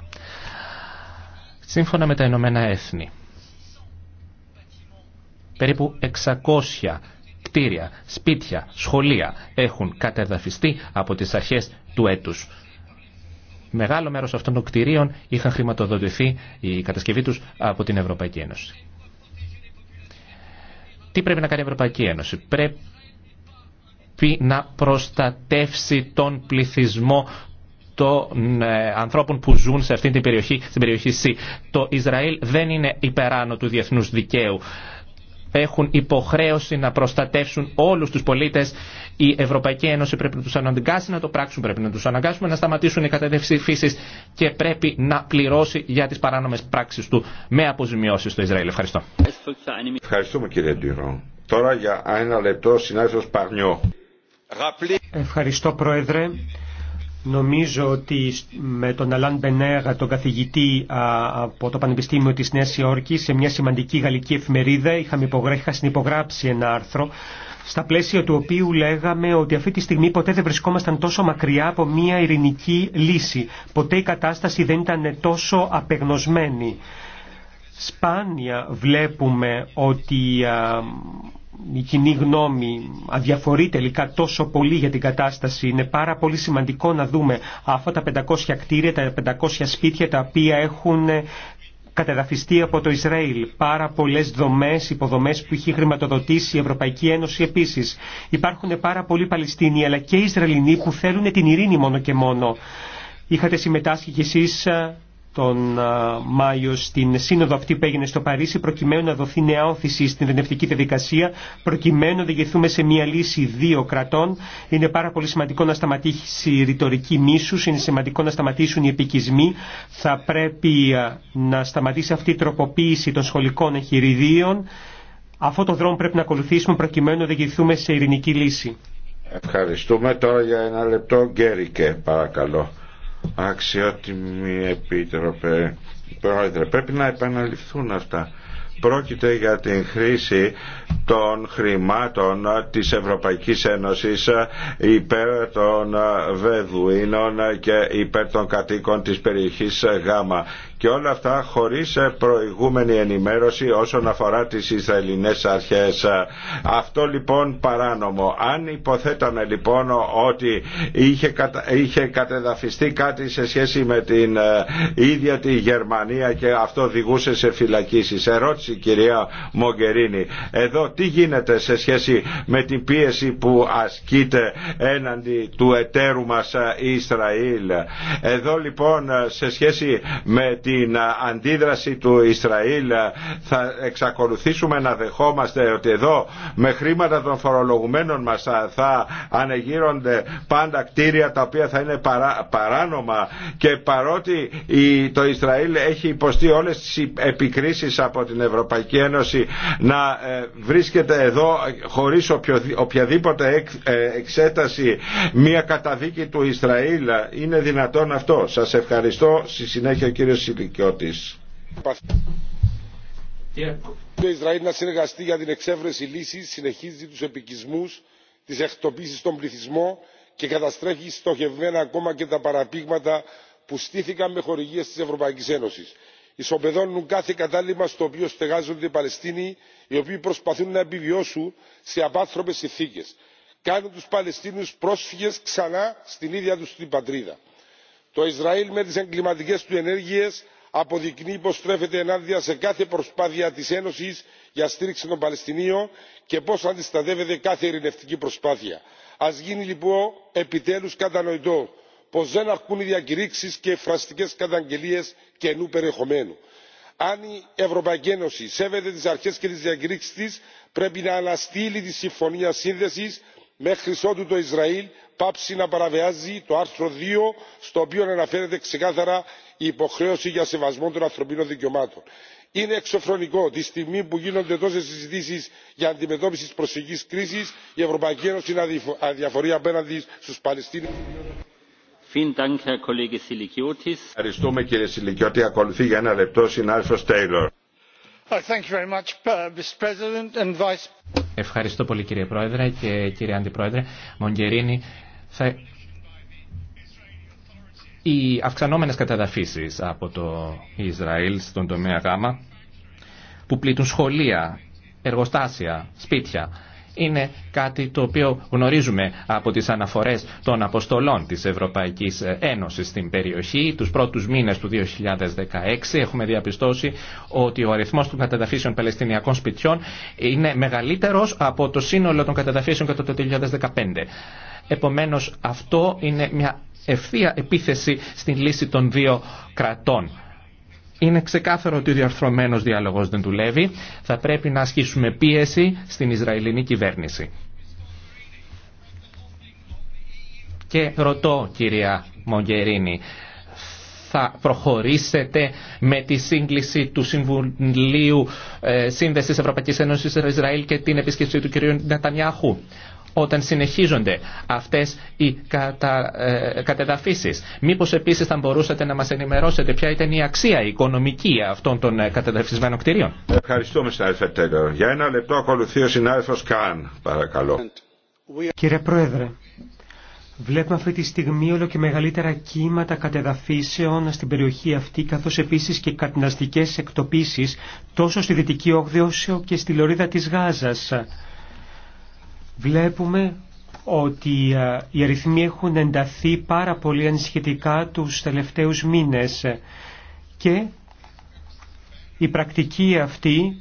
Σύμφωνα με τα Ηνωμένα Έθνη, περίπου 600 κτίρια, σπίτια, σχολεία έχουν κατεδαφιστεί από τις αρχές του έτους μεγάλο μέρος αυτών των κτηρίων είχαν χρηματοδοτηθεί η κατασκευή τους από την Ευρωπαϊκή Ένωση. Τι πρέπει να κάνει η Ευρωπαϊκή Ένωση. Πρέπει να προστατεύσει τον πληθυσμό των ε, ανθρώπων που ζουν σε αυτή την περιοχή, στην περιοχή ΣΥ. Το Ισραήλ δεν είναι υπεράνω του διεθνούς δικαίου έχουν υποχρέωση να προστατεύσουν όλους τους πολίτες. Η Ευρωπαϊκή Ένωση πρέπει να τους αναγκάσει να το πράξουν, πρέπει να τους αναγκάσουμε να σταματήσουν οι καταδεύσεις φύσης και πρέπει να πληρώσει για τις παράνομες πράξεις του με αποζημιώσεις στο Ισραήλ. Ευχαριστώ. Ευχαριστούμε κύριε Ντυρό. Τώρα για ένα λεπτό συνάδελφος Παρνιό. Ευχαριστώ Πρόεδρε. Νομίζω ότι με τον Αλάν Μπενέρα, τον καθηγητή από το Πανεπιστήμιο της Νέας Υόρκης, σε μια σημαντική γαλλική εφημερίδα είχαμε υπογράψει, υπογράψει ένα άρθρο στα πλαίσια του οποίου λέγαμε ότι αυτή τη στιγμή ποτέ δεν βρισκόμασταν τόσο μακριά από μια ειρηνική λύση. Ποτέ η κατάσταση δεν ήταν τόσο απεγνωσμένη. Σπάνια βλέπουμε ότι η κοινή γνώμη αδιαφορεί τελικά τόσο πολύ για την κατάσταση. Είναι πάρα πολύ σημαντικό να δούμε αυτά τα 500 κτίρια, τα 500 σπίτια τα οποία έχουν ε, κατεδαφιστεί από το Ισραήλ. Πάρα πολλέ δομέ, υποδομέ που έχει χρηματοδοτήσει η Ευρωπαϊκή Ένωση επίση. Υπάρχουν πάρα πολλοί Παλαιστίνοι αλλά και Ισραηλινοί που θέλουν την ειρήνη μόνο και μόνο. Είχατε συμμετάσχει κι εσείς ε, τον Μάιο στην σύνοδο αυτή που έγινε στο Παρίσι προκειμένου να δοθεί νέα όθηση στην δενευτική διαδικασία, προκειμένου να διηγηθούμε σε μια λύση δύο κρατών. Είναι πάρα πολύ σημαντικό να σταματήσει η ρητορική μίσους, είναι σημαντικό να σταματήσουν οι επικισμοί. Θα πρέπει να σταματήσει αυτή η τροποποίηση των σχολικών εγχειριδίων. Αυτό το δρόμο πρέπει να ακολουθήσουμε προκειμένου να διηγηθούμε σε ειρηνική λύση. Ευχαριστούμε τώρα για ένα λεπτό. Γκέρικε, παρακαλώ. Αξιότιμη Επίτροπε, Πρόεδρε, πρέπει να επαναληφθούν αυτά. Πρόκειται για την χρήση των χρημάτων της Ευρωπαϊκής Ένωσης υπέρ των Βεδουίνων και υπέρ των κατοίκων της περιοχής Γάμα και όλα αυτά χωρίς προηγούμενη ενημέρωση όσον αφορά τις Ισραηλινές αρχές. Αυτό λοιπόν παράνομο. Αν υποθέταμε λοιπόν ότι είχε, είχε κατεδαφιστεί κάτι σε σχέση με την ε, ίδια τη Γερμανία και αυτό οδηγούσε σε φυλακίσεις. Ερώτηση η κυρία Μογκερίνη. Εδώ τι γίνεται σε σχέση με την πίεση που ασκείται έναντι του εταίρου μας ε, Ισραήλ. Εδώ λοιπόν ε, σε σχέση με την ε, αντίδραση του Ισραήλ θα εξακολουθήσουμε να δεχόμαστε ότι εδώ με χρήματα των φορολογουμένων μας θα ανεγείρονται πάντα κτίρια τα οποία θα είναι παράνομα και παρότι η, το Ισραήλ έχει υποστεί όλες τις επικρίσεις από την Ευρωπαϊκή Ευρωπαϊκή Ένωση να ε, βρίσκεται εδώ χωρίς οποιαδήποτε ε, εξέταση μια καταδίκη του Ισραήλ. Είναι δυνατόν αυτό. Σας ευχαριστώ. Στη συνέχεια ο κύριος Σιλικιώτης. Το Ισραήλ να συνεργαστεί για την εξέβρεση λύση συνεχίζει τους επικισμούς, τις εκτοπίσεις των πληθυσμό και καταστρέφει στοχευμένα ακόμα και τα παραπήγματα που στήθηκαν με χορηγίες της Ευρωπαϊκής Ένωσης ισοπεδώνουν κάθε κατάλημα στο οποίο στεγάζονται οι Παλαιστίνοι, οι οποίοι προσπαθούν να επιβιώσουν σε απάνθρωπε συνθήκε. κάνουν του Παλαιστίνου πρόσφυγε ξανά στην ίδια του την πατρίδα. το ισραήλ με τι εγκληματικέ του ενέργειε αποδεικνύει πω στρέφεται ενάντια σε κάθε προσπάθεια τη Ένωση για στήριξη των παλαιστινίων και πώ αντιστατεύεται κάθε ειρηνευτική προσπάθεια. Α γίνει λοιπόν επιτέλου κατανοητό πως δεν αρκούν οι διακηρύξεις και εκφραστικές καταγγελίες καινού περιεχομένου. αν η ευρωπαϊκή ένωση σέβεται τις αρχές και τις διακηρύξεις της πρέπει να αναστείλει τη συμφωνία σύνδεσης μέχρι ότου το ισραήλ πάψει να παραβιάζει το άρθρο δύο στο οποίο αναφέρεται ξεκάθαρα η υποχρέωση για σεβασμό των ανθρωπίνων δικαιωμάτων. είναι εξωφρονικό. τη στιγμή που γίνονται τόσε συζητήσει για αντιμετώπιση τη προσφυγική κρίση η ευρωπαϊκή ένωση να διαφορεί απέναντι στου παλαιστίνιου. Ευχαριστούμε κύριε Σιλικιώτη. Ακολουθεί για ένα λεπτό συνάδελφος Τέιλορ. Oh, uh, Ευχαριστώ πολύ κύριε Πρόεδρε και κύριε Αντιπρόεδρε. Μογκερίνη, θα... οι αυξανόμενες καταδαφίσεις από το Ισραήλ στον τομέα Γ που πλήττουν σχολεία, εργοστάσια, σπίτια, είναι κάτι το οποίο γνωρίζουμε από τις αναφορές των αποστολών της Ευρωπαϊκής ε, Ένωσης στην περιοχή. Τους πρώτους μήνες του 2016 έχουμε διαπιστώσει ότι ο αριθμός των καταδαφίσεων Παλαιστινιακών σπιτιών είναι μεγαλύτερος από το σύνολο των καταδαφίσεων κατά το 2015. Επομένως αυτό είναι μια ευθεία επίθεση στην λύση των δύο κρατών είναι ξεκάθαρο ότι ο διαρθρωμένος διάλογος δεν δουλεύει. Θα πρέπει να ασκήσουμε πίεση στην Ισραηλινή κυβέρνηση. Και ρωτώ, κυρία Μογκερίνη, θα προχωρήσετε με τη σύγκληση του Συμβουλίου ε, Σύνδεσης Ευρωπαϊκής Ένωσης Ισραήλ και την επίσκεψη του κυρίου Νετανιάχου όταν συνεχίζονται αυτές οι κατα, ε, κατεδαφίσεις. Μήπως επίσης θα μπορούσατε να μας ενημερώσετε ποια ήταν η αξία η οικονομική αυτών των ε, κατεδαφισμένων κτηρίων. Ευχαριστούμε συνάδελφε Για ένα λεπτό ακολουθεί ο συνάδελφος Καν, παρακαλώ. Κύριε Πρόεδρε, Βλέπουμε αυτή τη στιγμή όλο και μεγαλύτερα κύματα κατεδαφίσεων στην περιοχή αυτή, καθώς επίσης και κατηναστικές εκτοπίσεις τόσο στη Δυτική Όγδη όσο και στη Λωρίδα της Γάζας. Βλέπουμε ότι ε, οι αριθμοί έχουν ενταθεί πάρα πολύ ανησυχητικά τους τελευταίους μήνες και η πρακτική αυτή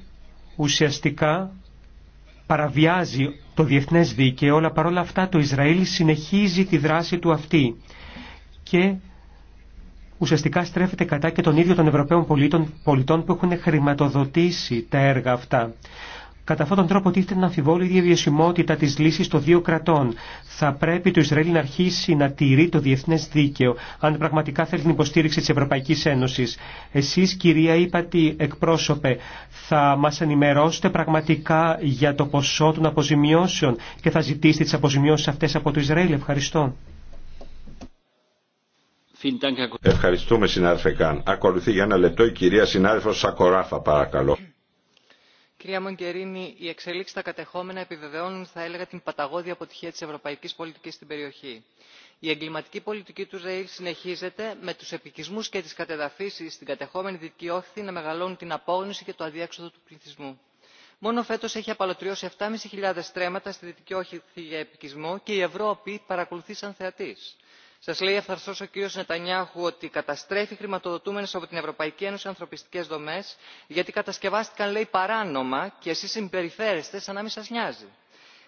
ουσιαστικά παραβιάζει το διεθνές δίκαιο, αλλά παρόλα αυτά το Ισραήλ συνεχίζει τη δράση του αυτή και ουσιαστικά στρέφεται κατά και τον ίδιο των Ευρωπαίων πολιτών, πολιτών που έχουν χρηματοδοτήσει τα έργα αυτά. Κατά αυτόν τον τρόπο τίθεται να αμφιβόλει η διαβιωσιμότητα τη λύση των δύο κρατών. Θα πρέπει το Ισραήλ να αρχίσει να τηρεί το διεθνέ δίκαιο, αν πραγματικά θέλει την υποστήριξη τη Ευρωπαϊκή Ένωση. Εσεί, κυρία, είπατε εκπρόσωπε, θα μα ενημερώσετε πραγματικά για το ποσό των αποζημιώσεων και θα ζητήσετε τι αποζημιώσει αυτέ από το Ισραήλ. Ευχαριστώ. Ευχαριστούμε συνάδελφε Καν. Ακολουθεί για ένα λεπτό η κυρία συνάδελφο Σακοράφα παρακαλώ. Κυρία Μογκερίνη, οι εξελίξει στα κατεχόμενα επιβεβαιώνουν, θα έλεγα, την παταγώδη αποτυχία τη ευρωπαϊκή πολιτική στην περιοχή. Η εγκληματική πολιτική του Ισραήλ συνεχίζεται με του επικισμού και τι κατεδαφίσει στην κατεχόμενη δυτική όχθη να μεγαλώνουν την απόγνωση και το αδιέξοδο του πληθυσμού. Μόνο φέτο έχει απαλωτριώσει 7.500 στρέμματα στη δυτική όχθη για επικισμό και η Ευρώπη παρακολουθεί σαν θεατή. Σα λέει αυθαρσό ο κύριο Νετανιάχου ότι καταστρέφει χρηματοδοτούμενε από την Ευρωπαϊκή Ένωση ανθρωπιστικέ δομέ, γιατί κατασκευάστηκαν, λέει, παράνομα και εσεί συμπεριφέρεστε σαν να μην σα νοιάζει.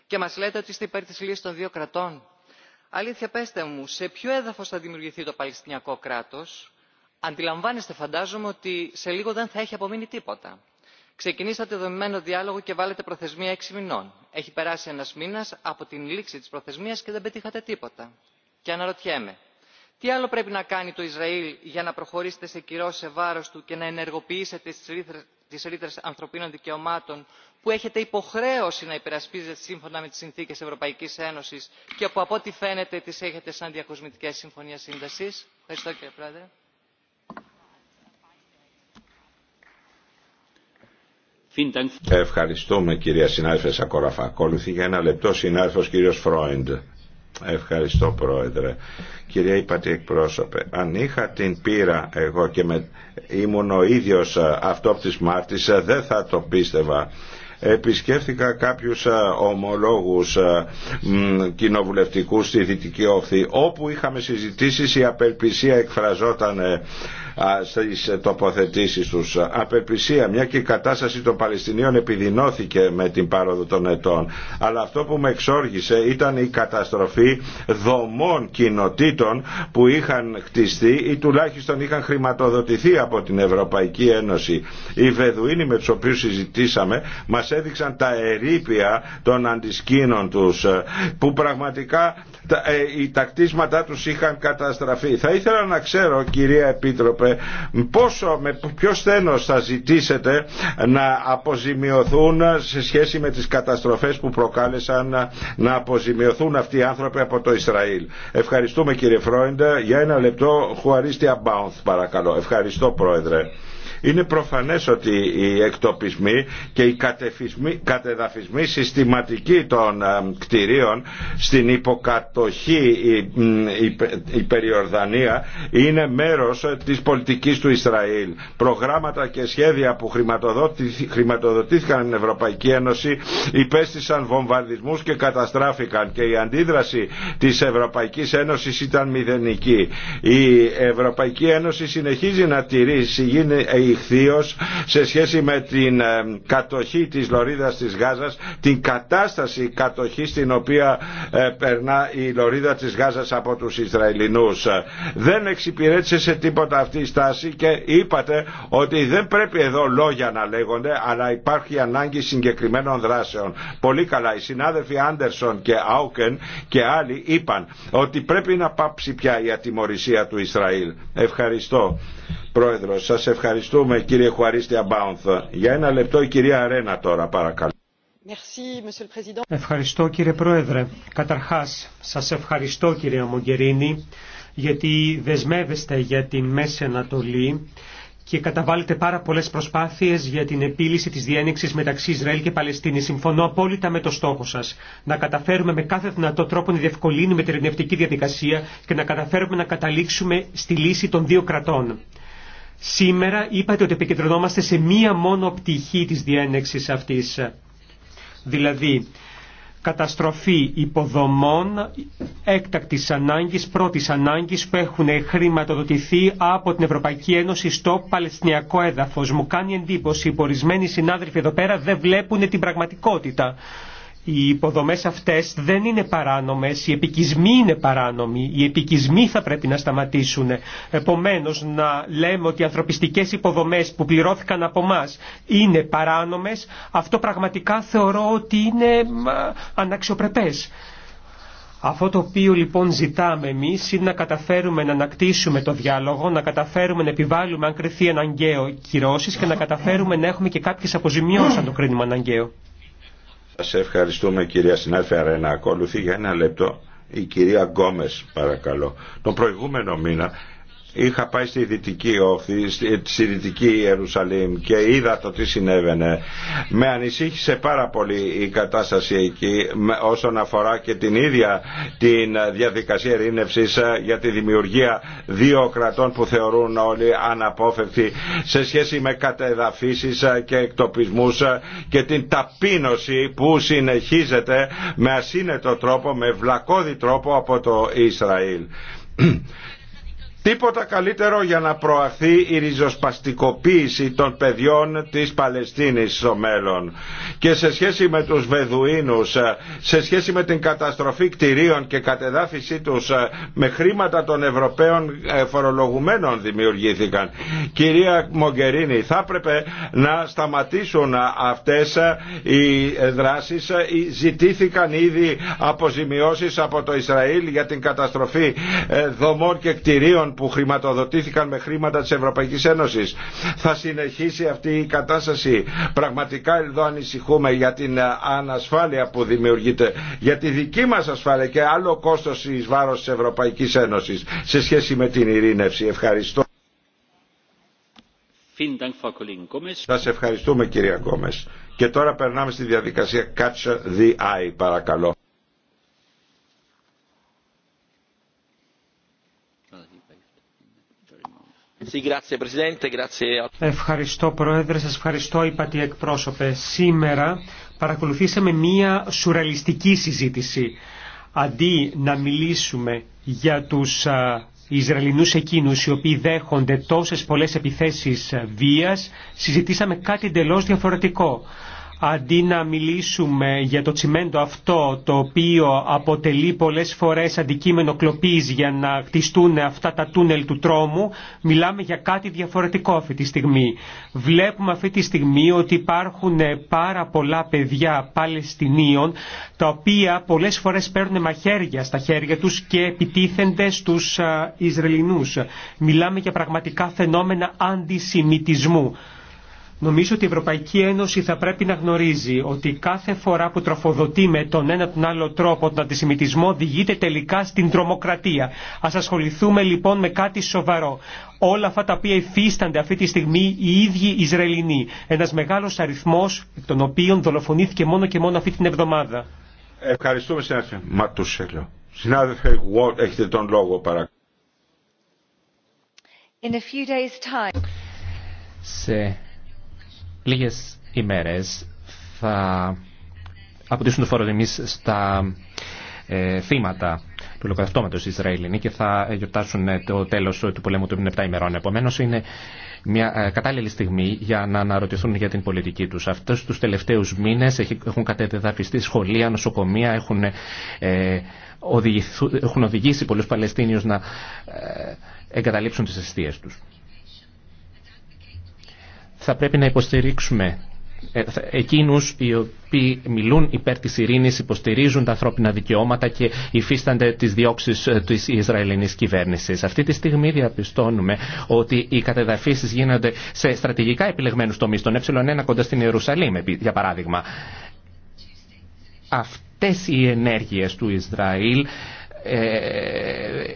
Και μα λέτε ότι είστε υπέρ τη λύση των δύο κρατών. Αλήθεια, πέστε μου, σε ποιο έδαφο θα δημιουργηθεί το Παλαιστινιακό κράτο. Αντιλαμβάνεστε, φαντάζομαι, ότι σε λίγο δεν θα έχει απομείνει τίποτα. Ξεκινήσατε δομημένο διάλογο και βάλετε προθεσμία έξι μηνών. Έχει περάσει ένα μήνα από την λήξη τη προθεσμία και δεν πετύχατε τίποτα και αναρωτιέμαι τι άλλο πρέπει να κάνει το ισραήλ για να προχωρήσετε σε κυρώσεις σε βάρος του και να ενεργοποιήσετε τις ρήτρες ανθρωπίνων δικαιωμάτων που έχετε υποχρέωση να υπερασπίζετε σύμφωνα με τις συνθήκες ευρωπαϊκής ένωσης και που από ό,τι φαίνεται τις έχετε σαν διακοσμητικές συμφωνίες σύντασης. Ευχαριστώ κύριε Πρόεδρε. Ευχαριστούμε κυρία συνάδελφε Σακοράφα. Ακολουθεί για ένα λεπτό συνάδελφος κύριος Φρόιντ. Ευχαριστώ Πρόεδρε. Κυρία Υπατή εκπρόσωπε, αν είχα την πείρα εγώ και με... ήμουν ο ίδιος αυτόπτης μάρτης, δεν θα το πίστευα επισκέφθηκα κάποιους ομολόγους κοινοβουλευτικούς στη Δυτική Όφθη όπου είχαμε συζητήσεις η απελπισία εκφραζόταν στις τοποθετήσεις τους. Απεπισία, μια και η κατάσταση των Παλαιστινίων επιδεινώθηκε με την πάροδο των ετών. Αλλά αυτό που με εξόργησε ήταν η καταστροφή δομών κοινοτήτων που είχαν χτιστεί ή τουλάχιστον είχαν χρηματοδοτηθεί από την Ευρωπαϊκή Ένωση. Οι Βεδουίνοι με τους οποίους συζητήσαμε μας έδειξαν τα ερήπια των αντισκήνων τους που πραγματικά ε, οι τακτίσματά τους είχαν καταστραφεί. Θα ήθελα να ξέρω κυρία Επίτροπε πόσο, με ποιο στένος θα ζητήσετε να αποζημιωθούν σε σχέση με τις καταστροφές που προκάλεσαν να αποζημιωθούν αυτοί οι άνθρωποι από το Ισραήλ. Ευχαριστούμε κύριε Φρόιντα. Για ένα λεπτό Χουαρίστια Μπάουνθ παρακαλώ. Ευχαριστώ πρόεδρε. Είναι προφανές ότι οι εκτοπισμοί και οι κατεδαφισμοί συστηματικοί των ε, κτηρίων στην υποκατοχή η Περιορδανία είναι μέρος της πολιτικής του Ισραήλ. Προγράμματα και σχέδια που χρηματοδοτήθηκαν στην Ευρωπαϊκή Ένωση υπέστησαν βομβαρδισμούς και καταστράφηκαν και η αντίδραση της Ευρωπαϊκής Ένωσης ήταν μηδενική. Η Ευρωπαϊκή Ένωση συνεχίζει να ε, ηχθείως σε σχέση με την ε, κατοχή της λωρίδας της Γάζας, την κατάσταση κατοχή στην οποία ε, περνά η λωρίδα της Γάζας από τους Ισραηλινούς. Δεν εξυπηρέτησε σε τίποτα αυτή η στάση και είπατε ότι δεν πρέπει εδώ λόγια να λέγονται, αλλά υπάρχει ανάγκη συγκεκριμένων δράσεων. Πολύ καλά. Οι συνάδελφοι Άντερσον και Άουκεν και άλλοι είπαν ότι πρέπει να πάψει πια η ατιμορρησία του Ισραήλ. Ευχαριστώ. Πρόεδρος, σας ευχαριστούμε κύριε Χουαρίστια Μπάουνθ. Για ένα λεπτό η κυρία Αρένα τώρα παρακαλώ. Ευχαριστώ κύριε Πρόεδρε. Καταρχάς, σας ευχαριστώ κύριε Μογκερίνη γιατί δεσμεύεστε για τη Μέση Ανατολή και καταβάλλετε πάρα πολλέ προσπάθειε για την επίλυση τη διένεξη μεταξύ Ισραήλ και Παλαιστίνη. Συμφωνώ απόλυτα με το στόχο σα. Να καταφέρουμε με κάθε δυνατό τρόπο να διευκολύνουμε την ειρηνευτική διαδικασία και να καταφέρουμε να καταλήξουμε στη λύση των δύο κρατών. Σήμερα είπατε ότι επικεντρωνόμαστε σε μία μόνο πτυχή της διένεξης αυτής. Δηλαδή, καταστροφή υποδομών έκτακτης ανάγκης, πρώτης ανάγκης που έχουν χρηματοδοτηθεί από την Ευρωπαϊκή Ένωση στο Παλαιστινιακό έδαφος. Μου κάνει εντύπωση οι ορισμένοι συνάδελφοι εδώ πέρα δεν βλέπουν την πραγματικότητα οι υποδομές αυτές δεν είναι παράνομες, οι επικισμοί είναι παράνομοι, οι επικισμοί θα πρέπει να σταματήσουν. Επομένως να λέμε ότι οι ανθρωπιστικές υποδομές που πληρώθηκαν από εμά είναι παράνομες, αυτό πραγματικά θεωρώ ότι είναι αναξιοπρεπές. Αυτό το οποίο λοιπόν ζητάμε εμείς είναι να καταφέρουμε να ανακτήσουμε το διάλογο, να καταφέρουμε να επιβάλλουμε αν κρυθεί αναγκαίο κυρώσει και να καταφέρουμε να έχουμε και κάποιε αποζημιώσει αν το κρίνουμε αναγκαίο. Σας ευχαριστούμε κυρία συνάδελφε Αρένα. Ακολουθεί για ένα λεπτό η κυρία Γκόμες παρακαλώ. Τον προηγούμενο μήνα είχα πάει στη Δυτική Όχθη, στη Δυτική Ιερουσαλήμ και είδα το τι συνέβαινε. Με ανησύχησε πάρα πολύ η κατάσταση εκεί όσον αφορά και την ίδια την διαδικασία ερήνευσης ε, για τη δημιουργία δύο κρατών που θεωρούν όλοι αναπόφευκτοι σε σχέση με κατεδαφίσεις ε, και εκτοπισμούς ε, και την ταπείνωση που συνεχίζεται με ασύνετο τρόπο, με βλακώδη τρόπο από το Ισραήλ Τίποτα καλύτερο για να προαθεί η ριζοσπαστικοποίηση των παιδιών της Παλαιστίνης στο μέλλον. Και σε σχέση με τους Βεδουίνους, ε, σε σχέση με την καταστροφή κτηρίων και κατεδάφιση τους ε, με χρήματα των Ευρωπαίων ε, φορολογουμένων δημιουργήθηκαν. Κυρία Μογκερίνη, θα έπρεπε να σταματήσουν αυτές οι δράσεις. Ζητήθηκαν ήδη αποζημιώσεις από το Ισραήλ για την καταστροφή δομών και κτηρίων που χρηματοδοτήθηκαν με χρήματα της Ευρωπαϊκής Ένωσης. Θα συνεχίσει αυτή η κατάσταση. Πραγματικά εδώ ανησυχούμε για την ε, ανασφάλεια που δημιουργείται, για τη δική μας ασφάλεια και άλλο κόστος εις βάρος της Ευρωπαϊκής Ένωσης σε σχέση με την ειρήνευση. Ευχαριστώ. Σα ευχαριστούμε κυρία Γκόμες. Και τώρα περνάμε στη διαδικασία Catch the Eye παρακαλώ. Ευχαριστώ Πρόεδρε, σας ευχαριστώ είπατε εκπρόσωπε. Σήμερα παρακολουθήσαμε μία σουραλιστική συζήτηση. Αντί να μιλήσουμε για τους Ισραηλινούς εκείνους οι οποίοι δέχονται τόσες πολλές επιθέσεις ε, βίας, συζητήσαμε κάτι εντελώ διαφορετικό αντί να μιλήσουμε για το τσιμέντο αυτό το οποίο αποτελεί πολλές φορές αντικείμενο κλοπής για να χτιστούν αυτά τα τούνελ του τρόμου, μιλάμε για κάτι διαφορετικό αυτή τη στιγμή. Βλέπουμε αυτή τη στιγμή ότι υπάρχουν πάρα πολλά παιδιά Παλαιστινίων τα οποία πολλές φορές παίρνουν μαχαίρια στα χέρια τους και επιτίθενται στους ε, Ισραηλινούς. Μιλάμε για πραγματικά φαινόμενα αντισημιτισμού. Νομίζω ότι η Ευρωπαϊκή Ένωση θα πρέπει να γνωρίζει ότι κάθε φορά που τροφοδοτεί με τον ένα τον άλλο τρόπο τον αντισημιτισμό οδηγείται τελικά στην τρομοκρατία. Ας ασχοληθούμε λοιπόν με κάτι σοβαρό. Όλα αυτά τα οποία υφίστανται αυτή τη στιγμή οι ίδιοι Ισραηλινοί. Ένας μεγάλος αριθμός των οποίων δολοφονήθηκε μόνο και μόνο αυτή την εβδομάδα. Ευχαριστούμε συνάδελφε Ματουσέλο. Συνάδελφε, έχετε τον λόγο παρακαλώ. Σε λίγες ημέρες θα αποτίσουν το φόρο στα ε, θύματα του λογοκαυτώματος Ισραηλινή και θα γιορτάσουν ε, το τέλος του πολέμου των 7 ημερών. Επομένως είναι μια ε, κατάλληλη στιγμή για να αναρωτηθούν για την πολιτική τους. Αυτές τους τελευταίους μήνες έχουν κατεδαφιστεί σχολεία, νοσοκομεία, έχουν, οδηγήσει πολλούς Παλαιστίνιους να εγκαταλείψουν τις αισθίες τους θα πρέπει να υποστηρίξουμε ε, εκείνους οι οποίοι μιλούν υπέρ της ειρήνης, υποστηρίζουν τα ανθρώπινα δικαιώματα και υφίστανται τις διώξεις ε, της Ισραηλινής κυβέρνησης. Αυτή τη στιγμή διαπιστώνουμε ότι οι κατεδαφίσεις γίνονται σε στρατηγικά επιλεγμένους τομείς, τον ε1 κοντά στην Ιερουσαλήμ, για παράδειγμα. Αυτές οι ενέργειες του Ισραήλ ε,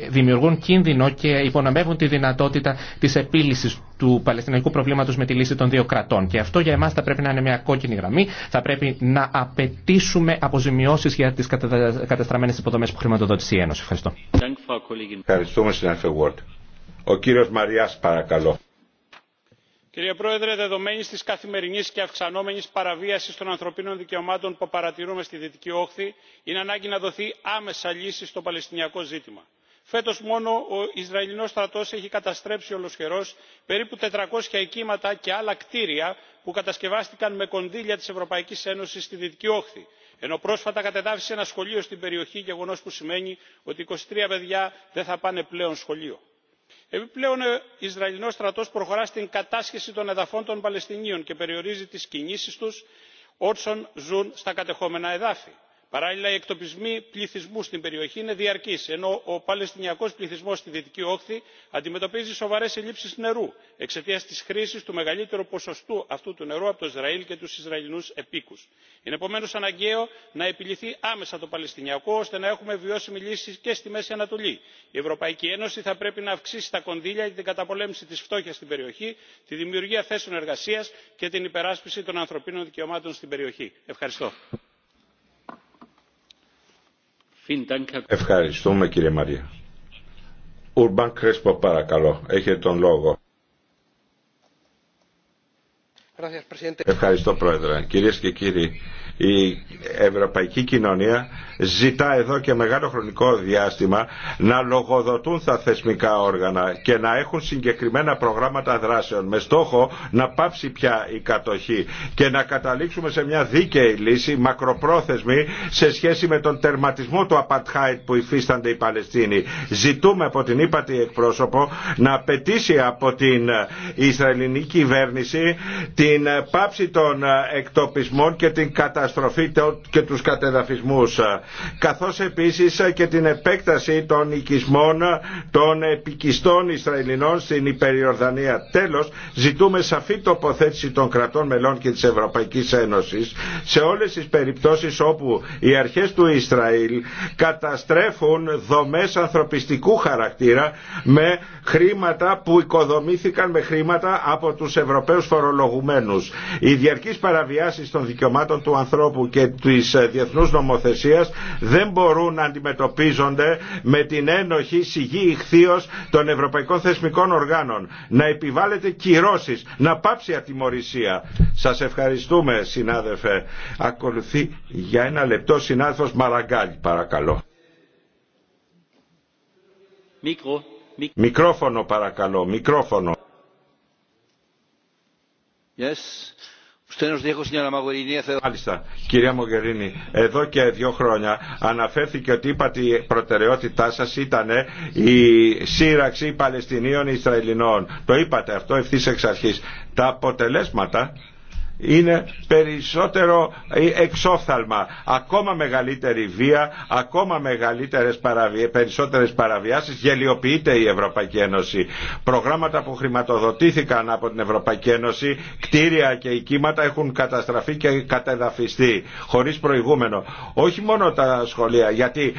δημιουργούν κίνδυνο και υπονομεύουν τη δυνατότητα της επίλυσης του Παλαιστινιακού προβλήματος με τη λύση των δύο κρατών. Και αυτό για εμά θα πρέπει να είναι μια κόκκινη γραμμή. Θα πρέπει να απαιτήσουμε αποζημιώσει για τις καταστραμμένες υποδομές που χρηματοδότησε η Ένωση. Ευχαριστώ. Ευχαριστούμε συνάδελφε Βόρτ. Ο κύριος Μαριάς παρακαλώ κύριε πρόεδρε Δεδομένη της καθημερινής και αυξανόμενης παραβίασης των ανθρωπίνων δικαιωμάτων που παρατηρούμε στη δυτική όχθη είναι ανάγκη να δοθεί άμεσα λύση στο παλαιστινιακό ζήτημα. φέτος μόνο ο ισραηλινός στρατός έχει καταστρέψει ολοσχερώς περίπου τετρακόσια οικίματα και άλλα κτίρια που κατασκευάστηκαν με κονδύλια της ευρωπαϊκής ένωσης στη δυτική όχθη ενώ πρόσφατα κατεδάφισε ένα σχολείο στην περιοχή γεγονός που σημαίνει ότι 23 παιδιά δεν θα πάνε πλέον σχολείο επιπλέον ο ε, ισραηλινός στρατός προχωρά στην κατάσχεση των εδαφών των παλαιστινίων και περιορίζει τις κινήσεις τους όσων ζουν στα κατεχόμενα εδάφη παράλληλα οι εκτοπισμοί πληθυσμού στην περιοχή είναι διαρκείς ενώ ο παλαιστινιακός πληθυσμός στη δυτική όχθη αντιμετωπίζει σοβαρές ελλείψεις νερού εξαιτίας της χρήσης του μεγαλύτερου ποσοστού αυτού του νερού από το ισραήλ και τους ισραηλινούς επίκους. είναι επομένω αναγκαίο να επιληθεί άμεσα το παλαιστινιακό ώστε να έχουμε βιώσιμη λύση και στη μέση ανατολή. η ευρωπαϊκή ένωση θα πρέπει να αυξήσει τα κονδύλια για την καταπολέμηση της φτώχειας στην περιοχή τη δημιουργία θέσεων εργασίας και την υπεράσπιση των ανθρωπίνων δικαιωμάτων στην περιοχή. ευχαριστώ. Ευχαριστούμε κύριε Μαρία. Ουρμπάν Κρέσπο παρακαλώ, έχετε τον λόγο. Ευχαριστώ πρόεδρε. Κυρίες και κύριοι, η ευρωπαϊκή κοινωνία ζητά εδώ και μεγάλο χρονικό διάστημα να λογοδοτούν τα θεσμικά όργανα και να έχουν συγκεκριμένα προγράμματα δράσεων με στόχο να πάψει πια η κατοχή και να καταλήξουμε σε μια δίκαιη λύση μακροπρόθεσμη σε σχέση με τον τερματισμό του Απατχάιτ που υφίστανται οι Παλαιστίνοι. Ζητούμε από την ύπατη εκπρόσωπο να απαιτήσει από την Ισραηλινή κυβέρνηση την πάψη των εκτοπισμών και την καταστροφή και τους κατεδαφισμούς ε, καθώς επίσης ε, και την επέκταση των οικισμών ε, των επικιστών Ισραηλινών στην Υπεριορδανία. Τέλος, ζητούμε σαφή τοποθέτηση των κρατών μελών και της Ευρωπαϊκής Ένωσης σε όλες τις περιπτώσεις όπου οι αρχές του Ισραήλ καταστρέφουν δομές ανθρωπιστικού χαρακτήρα με χρήματα που οικοδομήθηκαν με χρήματα από τους Ευρωπαίους φορολογουμένους. Οι διαρκείς παραβιάσεις των δικαιωμάτων του ανθρώπου ανθρώπου και της ε, διεθνούς νομοθεσίας δεν μπορούν να αντιμετωπίζονται με την ένοχη σιγή ηχθείως των ευρωπαϊκών θεσμικών οργάνων. Να επιβάλλετε κυρώσεις, να πάψει ατιμορρησία. Σας ευχαριστούμε συνάδελφε. Ακολουθεί για ένα λεπτό συνάδελφος Μαραγκάλι παρακαλώ. Μικρό. Μικρόφωνο παρακαλώ, μικρόφωνο. Yes. Μάλιστα, κυρία Μογκερίνη, εδώ και δύο χρόνια αναφέρθηκε ότι είπατε η προτεραιότητά σας ήταν η σύραξη Παλαιστινίων Ισραηλινών. Το είπατε αυτό ευθύ εξ αρχής. Τα αποτελέσματα είναι περισσότερο ε, εξόφθαλμα. Ακόμα μεγαλύτερη βία, ακόμα μεγαλύτερες παραβι... περισσότερες παραβιάσεις γελιοποιείται η Ευρωπαϊκή Ένωση. Προγράμματα που χρηματοδοτήθηκαν από την Ευρωπαϊκή Ένωση, κτίρια και οικήματα έχουν καταστραφεί και κατεδαφιστεί χωρίς προηγούμενο. Όχι μόνο τα σχολεία, γιατί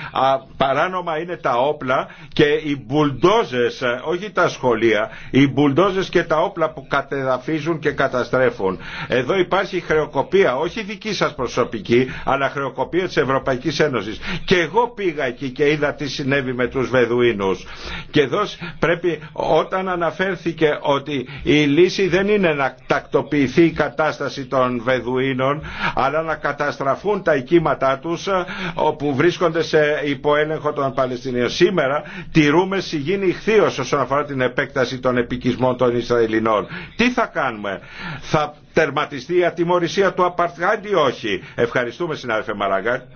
παράνομα είναι τα όπλα και οι μπουλντόζες, όχι τα σχολεία, οι μπουλντόζες και τα όπλα που κατεδαφίζουν και καταστρέφουν. Εδώ υπάρχει χρεοκοπία, όχι δική σας προσωπική, αλλά χρεοκοπία της Ευρωπαϊκής Ένωσης. Και εγώ πήγα εκεί και είδα τι συνέβη με τους Βεδουίνους. Και εδώ πρέπει όταν αναφέρθηκε ότι η λύση δεν είναι να τακτοποιηθεί η κατάσταση των Βεδουίνων, αλλά να καταστραφούν τα οικήματά τους ε, όπου βρίσκονται σε υποέλεγχο των Παλαιστινίων. Σήμερα τηρούμε συγγύνη ηχθείως όσον αφορά την επέκταση των επικισμών των Ισραηλινών. Τι θα κάνουμε, θα τερματιστεί η ατιμορρησία του Απαρτχάντη ή όχι. Ευχαριστούμε συνάδελφε Μαραγκάν.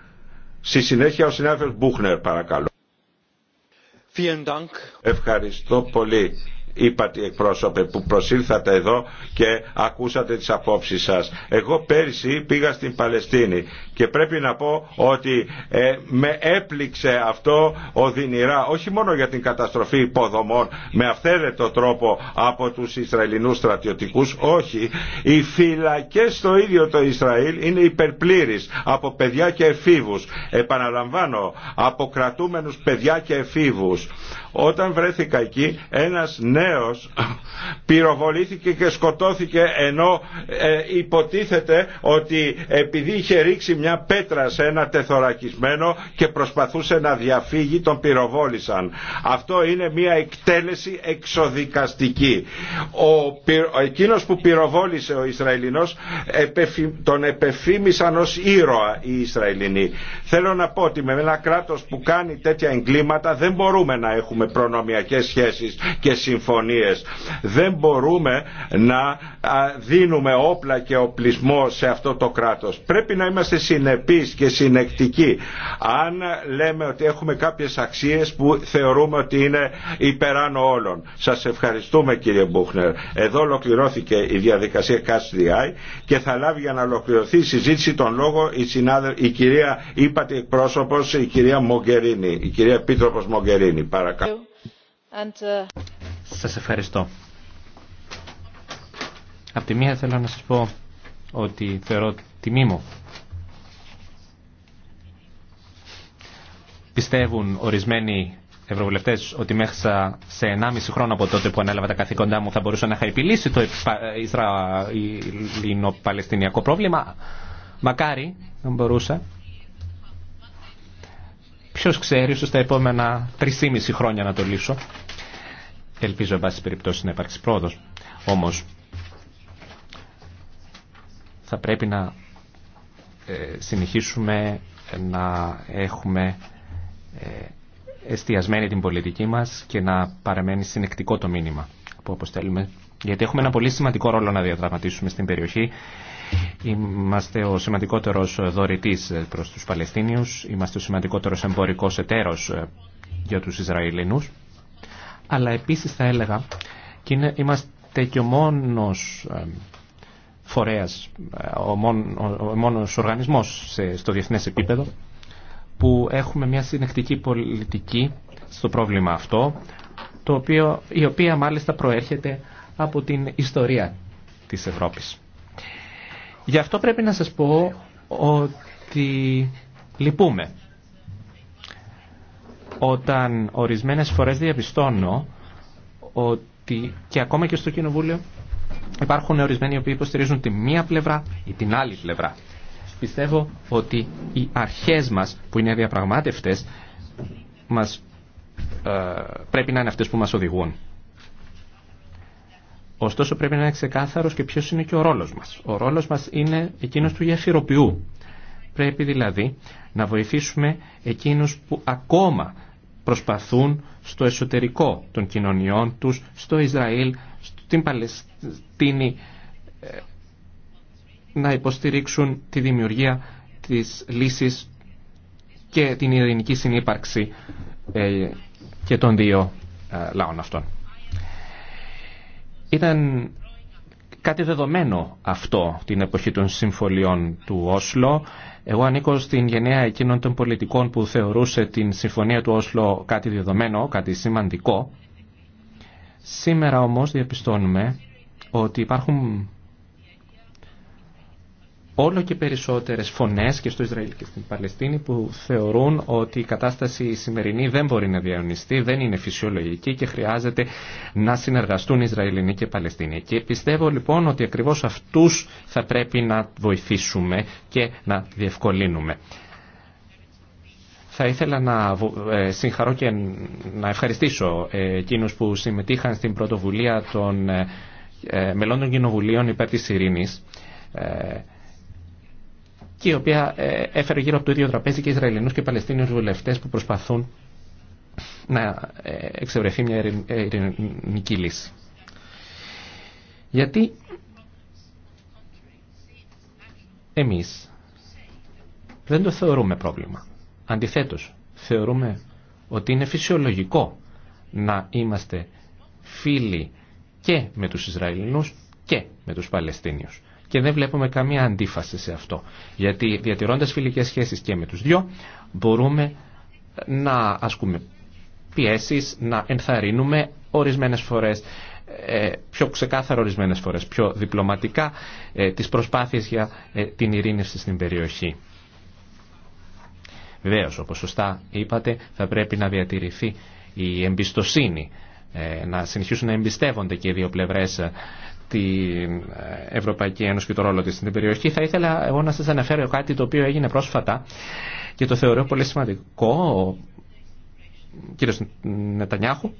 Στη συνέχεια ο συνάδελφος Μπούχνερ παρακαλώ. Ευχαριστώ πολύ είπατε εκπρόσωπε που προσήλθατε εδώ και ακούσατε τις απόψεις σας. Εγώ πέρσι πήγα στην Παλαιστίνη και πρέπει να πω ότι ε, με έπληξε αυτό οδυνηρά όχι μόνο για την καταστροφή υποδομών με αυθαίρετο τρόπο από τους Ισραηλινούς στρατιωτικούς όχι. Οι φυλακές στο ίδιο το Ισραήλ είναι υπερπλήρεις από παιδιά και εφήβους. Επαναλαμβάνω, αποκρατούμενους παιδιά και εφήβους. Όταν βρέθηκα εκεί ένας νέος πυροβολήθηκε και σκοτώθηκε ενώ ε, υποτίθεται ότι επειδή είχε ρίξει μια πέτρα σε ένα τεθωρακισμένο και προσπαθούσε να διαφύγει τον πυροβόλησαν. Αυτό είναι μια εκτέλεση εξοδικαστική. Ο, εκείνος που πυροβόλησε ο Ισραηλινός τον επεφήμισαν ως ήρωα οι Ισραηλινοί. Θέλω να πω ότι με ένα κράτος που κάνει τέτοια εγκλήματα δεν μπορούμε να έχουμε προνομιακές σχέσεις και συμφωνίες. Δεν μπορούμε να δίνουμε όπλα και οπλισμό σε αυτό το κράτος. Πρέπει να είμαστε συνεπείς και συνεκτικοί. Αν λέμε ότι έχουμε κάποιες αξίες που θεωρούμε ότι είναι υπεράνω όλων. Σας ευχαριστούμε κύριε Μπούχνερ. Εδώ ολοκληρώθηκε η διαδικασία CASDI και θα λάβει για να ολοκληρωθεί η συζήτηση τον λόγο η, συνάδελ, η κυρία είπατε εκπρόσωπος η κυρία Μογκερίνη, η κυρία Επίτροπος Μογκερίνη. Παρακαλώ. Uh, σας ευχαριστώ. Απ' τη μία θέλω να σας πω ότι θεωρώ τιμή μου. Πιστεύουν ορισμένοι ευρωβουλευτές ότι μέχρι σε 1,5 χρόνο από τότε που ανέλαβα τα καθήκοντά μου θα μπορούσα να είχα επιλύσει το Ισραηλινο-Παλαιστινιακό πρόβλημα. Μακάρι να μπορούσα. Ποιο ξέρει, ίσω τα επόμενα 3,5 χρόνια να το λύσω. Ελπίζω, εν πάση περιπτώσει, να υπάρξει πρόοδο. Όμως, θα πρέπει να ε, συνεχίσουμε να έχουμε ε, εστιασμένη την πολιτική μας και να παραμένει συνεκτικό το μήνυμα που αποστέλουμε. Γιατί έχουμε ένα πολύ σημαντικό ρόλο να διαδραματίσουμε στην περιοχή Είμαστε ο σημαντικότερος δωρητής προς τους Παλαιστίνιους, είμαστε ο σημαντικότερος εμπορικός εταίρος ε, για τους Ισραηλινούς, αλλά επίσης θα έλεγα και είμαστε και ο μόνος ε, φορέας, ε, ο, μόνος οργανισμός στο διεθνές επίπεδο που έχουμε μια συνεχτική πολιτική στο πρόβλημα αυτό, το οποίο, η οποία μάλιστα προέρχεται από την ιστορία της Ευρώπης. Γι' αυτό πρέπει να σας πω ότι λυπούμε. Όταν ορισμένες φορές διαπιστώνω ότι και ακόμα και στο Κοινοβούλιο υπάρχουν ορισμένοι οι οποίοι υποστηρίζουν τη μία πλευρά ή την άλλη πλευρά. Πιστεύω ότι οι αρχές μας που είναι διαπραγμάτευτες μας, ε, πρέπει να είναι αυτές που μας οδηγούν. Ωστόσο πρέπει να είναι ξεκάθαρος και ποιος είναι και ο ρόλος μας. Ο ρόλος μας είναι εκείνος του γεφυροποιού. Πρέπει δηλαδή να βοηθήσουμε εκείνους που ακόμα προσπαθούν στο εσωτερικό των κοινωνιών τους, στο Ισραήλ, στην Παλαιστίνη, ε, να υποστηρίξουν τη δημιουργία της λύσης και την ειρηνική συνύπαρξη ε, και των δύο ε, λαών αυτών. Ήταν κάτι δεδομένο αυτό την εποχή των συμφωνιών του Όσλο. Εγώ ανήκω στην γενναία εκείνων των πολιτικών που θεωρούσε την συμφωνία του Όσλο κάτι δεδομένο, κάτι σημαντικό. Σήμερα όμως διαπιστώνουμε ότι υπάρχουν όλο και περισσότερες φωνές και στο Ισραήλ και στην Παλαιστίνη που θεωρούν ότι η κατάσταση σημερινή δεν μπορεί να διαωνιστεί, δεν είναι φυσιολογική και χρειάζεται να συνεργαστούν Ισραηλινοί και Παλαιστίνοι. Και πιστεύω λοιπόν ότι ακριβώς αυτούς θα πρέπει να βοηθήσουμε και να διευκολύνουμε. Θα ήθελα να ε, συγχαρώ και να ευχαριστήσω ε, εκείνους που συμμετείχαν στην πρωτοβουλία των ε, μελών των κοινοβουλίων υπέρ της ειρήνης και η οποία ε, έφερε γύρω από το ίδιο τραπέζι και Ισραηλινούς και Παλαιστίνιους βουλευτές που προσπαθούν να ε, εξευρεθεί μια ε, ειρηνική λύση. Γιατί εμείς δεν το θεωρούμε πρόβλημα. Αντιθέτως, θεωρούμε ότι είναι φυσιολογικό να είμαστε φίλοι και με τους Ισραηλινούς και με τους Παλαιστίνιους και δεν βλέπουμε καμία αντίφαση σε αυτό. Γιατί διατηρώντας φιλικές σχέσεις και με τους δυο μπορούμε να ασκούμε πιέσεις, να ενθαρρύνουμε ορισμένες φορές ε, πιο ξεκάθαρα ορισμένες φορές, πιο διπλωματικά ε, τις προσπάθειες για ε, την ειρήνευση στην περιοχή. Βεβαίω, όπως σωστά είπατε, θα πρέπει να διατηρηθεί η εμπιστοσύνη, να συνεχίσουν να εμπιστεύονται και οι δύο πλευρές την ε, Ευρωπαϊκή Ένωση και το ρόλο της στην περιοχή. Θα ήθελα εγώ να σας αναφέρω κάτι το οποίο έγινε πρόσφατα και το θεωρώ πολύ σημαντικό. Ο κύριος Νετανιάχου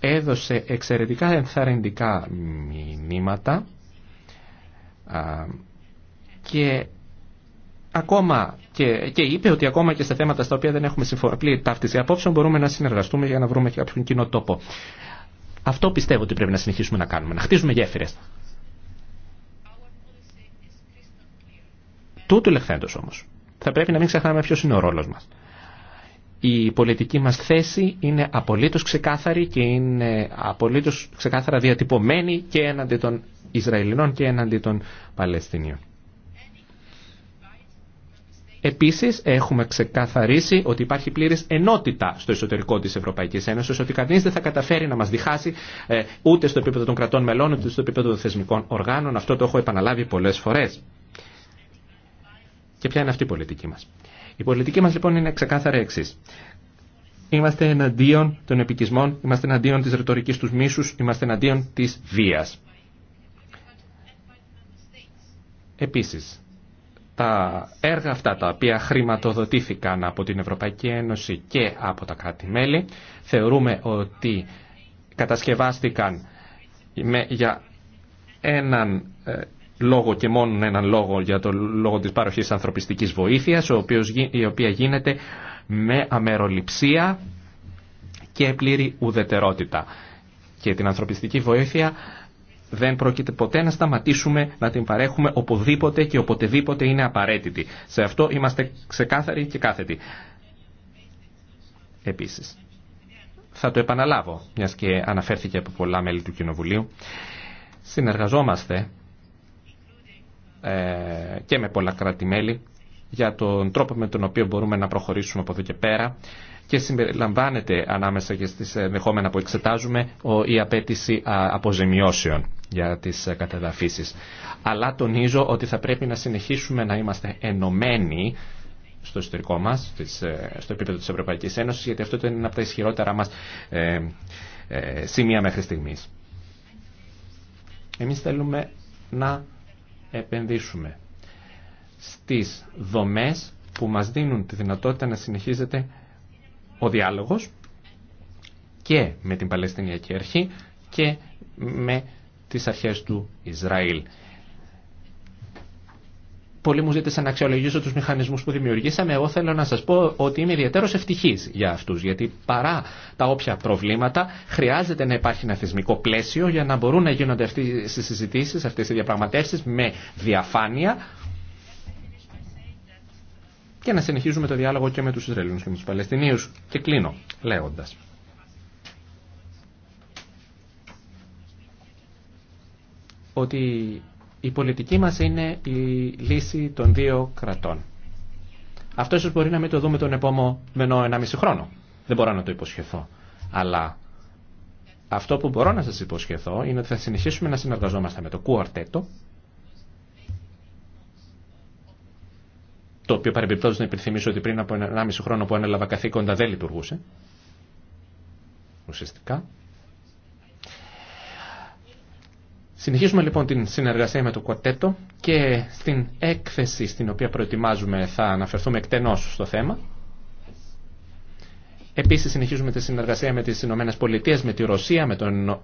έδωσε εξαιρετικά ενθαρρυντικά μηνύματα και ακόμα και, και είπε ότι ακόμα και σε θέματα στα οποία δεν έχουμε συμφωνή ταύτιση απόψεων μπορούμε να συνεργαστούμε για να βρούμε κάποιον κοινό τόπο. Αυτό πιστεύω ότι πρέπει να συνεχίσουμε να κάνουμε, να χτίζουμε γέφυρες. Τούτου λεχθέντος όμως. Θα πρέπει να μην ξεχνάμε ποιος είναι ο ρόλος μας. Η πολιτική μας θέση είναι απολύτως ξεκάθαρη και είναι απολύτως ξεκάθαρα διατυπωμένη και έναντι των Ισραηλινών και έναντι των Παλαιστινίων. Επίσης έχουμε ξεκαθαρίσει ότι υπάρχει πλήρης ενότητα στο εσωτερικό της Ευρωπαϊκής Ένωσης, ότι κανείς δεν θα καταφέρει να μας διχάσει ε, ούτε στο επίπεδο των κρατών μελών, ούτε στο επίπεδο των θεσμικών οργάνων. Αυτό το έχω επαναλάβει πολλές φορές. Και ποια είναι αυτή η πολιτική μας. Η πολιτική μας λοιπόν είναι ξεκάθαρα εξή. Είμαστε εναντίον των επικισμών, είμαστε εναντίον της ρητορικής τους μίσους, είμαστε εναντίον της βίας. Επίσης, τα έργα αυτά τα οποία χρηματοδοτήθηκαν από την Ευρωπαϊκή Ένωση και από τα κράτη-μέλη θεωρούμε ότι κατασκευάστηκαν για έναν ε, λόγο και μόνο έναν λόγο για το λόγο της παροχής ανθρωπιστικής βοήθειας ο οποίος, η οποία γίνεται με αμεροληψία και πλήρη ουδετερότητα και την ανθρωπιστική βοήθεια δεν πρόκειται ποτέ να σταματήσουμε να την παρέχουμε οπουδήποτε και οποτεδήποτε είναι απαραίτητη. Σε αυτό είμαστε ξεκάθαροι και κάθετοι. Επίσης, θα το επαναλάβω, μιας και αναφέρθηκε από πολλά μέλη του Κοινοβουλίου, συνεργαζόμαστε ε, και με πολλά κράτη-μέλη για τον τρόπο με τον οποίο μπορούμε να προχωρήσουμε από εδώ και πέρα και συμπεριλαμβάνεται ανάμεσα και στις δεχόμενα που εξετάζουμε η απέτηση αποζημιώσεων για τις ε, καταδαφίσεις. Αλλά τονίζω ότι θα πρέπει να συνεχίσουμε να είμαστε ενωμένοι στο εσωτερικό μας, ε, στο επίπεδο της Ευρωπαϊκής Ένωσης, γιατί αυτό είναι ένα από τα ισχυρότερα μας ε, σημεία μέχρι στιγμής. Εμείς θέλουμε να επενδύσουμε στις δομές που μας δίνουν τη δυνατότητα να συνεχίζεται ο διάλογος και με την Παλαιστινιακή Αρχή και με τις αρχές του Ισραήλ. Πολλοί μου ζήτησαν να αξιολογήσω τους μηχανισμούς που δημιουργήσαμε. Εγώ θέλω να σας πω ότι είμαι ιδιαίτερος ευτυχής για αυτούς, γιατί παρά τα όποια προβλήματα χρειάζεται να υπάρχει ένα θεσμικό πλαίσιο για να μπορούν να γίνονται αυτές οι συζητήσεις, αυτές οι διαπραγματεύσεις με διαφάνεια και να συνεχίζουμε το διάλογο και με τους Ισραηλινούς και με τους Παλαιστινίους. Και κλείνω λέγοντας. ότι η πολιτική μας είναι η λύση των δύο κρατών. Αυτό ίσως μπορεί να μην το δούμε τον επόμενο 1,5 χρόνο. Δεν μπορώ να το υποσχεθώ. Αλλά αυτό που μπορώ να σας υποσχεθώ είναι ότι θα συνεχίσουμε να συνεργαζόμαστε με το κουαρτέτο, το οποίο παρεμπιπτόντως να υπενθυμίσω ότι πριν από 1,5 χρόνο που ανέλαβα καθήκοντα δεν λειτουργούσε, ουσιαστικά, Συνεχίζουμε λοιπόν την συνεργασία με το Κοτέτο και στην έκθεση στην οποία προετοιμάζουμε θα αναφερθούμε εκτενώς στο θέμα. Επίσης συνεχίζουμε τη συνεργασία με τις Ηνωμένες Πολιτείες, με τη Ρωσία, με τον ε,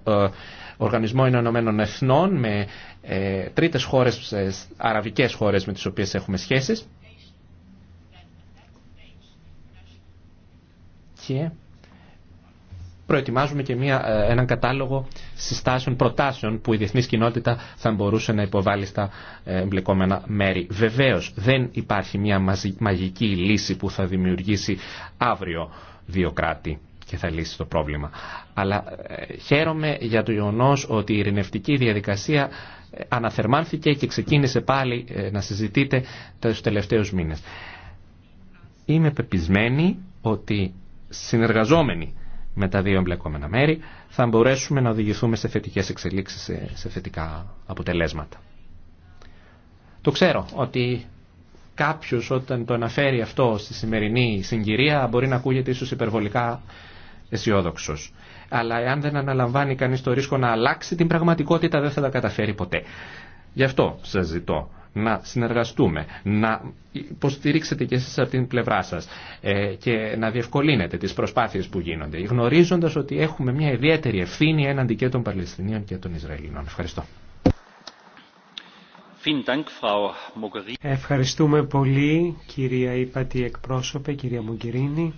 Οργανισμό Ηνωμένων Εθνών, με ε, τρίτες χώρες, ε, αραβικές χώρες με τις οποίες έχουμε σχέσεις. Και προετοιμάζουμε και μια, ε, έναν κατάλογο συστάσεων, προτάσεων που η διεθνή κοινότητα θα μπορούσε να υποβάλει στα ε, εμπλεκόμενα μέρη. Βεβαίω δεν υπάρχει μια μαγική λύση που θα δημιουργήσει αύριο δύο κράτη και θα λύσει το πρόβλημα. Αλλά ε, χαίρομαι για το γεγονό ότι η ειρηνευτική διαδικασία αναθερμάνθηκε και ξεκίνησε πάλι να συζητείται του τελευταίους μήνες. Είμαι πεπισμένη ότι συνεργαζόμενοι με τα δύο εμπλεκόμενα μέρη, θα μπορέσουμε να οδηγηθούμε σε θετικές εξελίξεις, σε θετικά αποτελέσματα. Το ξέρω ότι κάποιος όταν το αναφέρει αυτό στη σημερινή συγκυρία μπορεί να ακούγεται ίσως υπερβολικά αισιόδοξο. Αλλά εάν δεν αναλαμβάνει κανείς το ρίσκο να αλλάξει την πραγματικότητα δεν θα τα καταφέρει ποτέ. Γι' αυτό σας ζητώ να συνεργαστούμε, να υποστηρίξετε και εσείς από την πλευρά σας ε, και να διευκολύνετε τις προσπάθειες που γίνονται, γνωρίζοντας ότι έχουμε μια ιδιαίτερη ευθύνη έναντι και των Παλαιστινίων και των Ισραηλινών. Ευχαριστώ. Ευχαριστούμε πολύ κυρία Ήπατη εκπρόσωπε, κυρία Μογκυρίνη.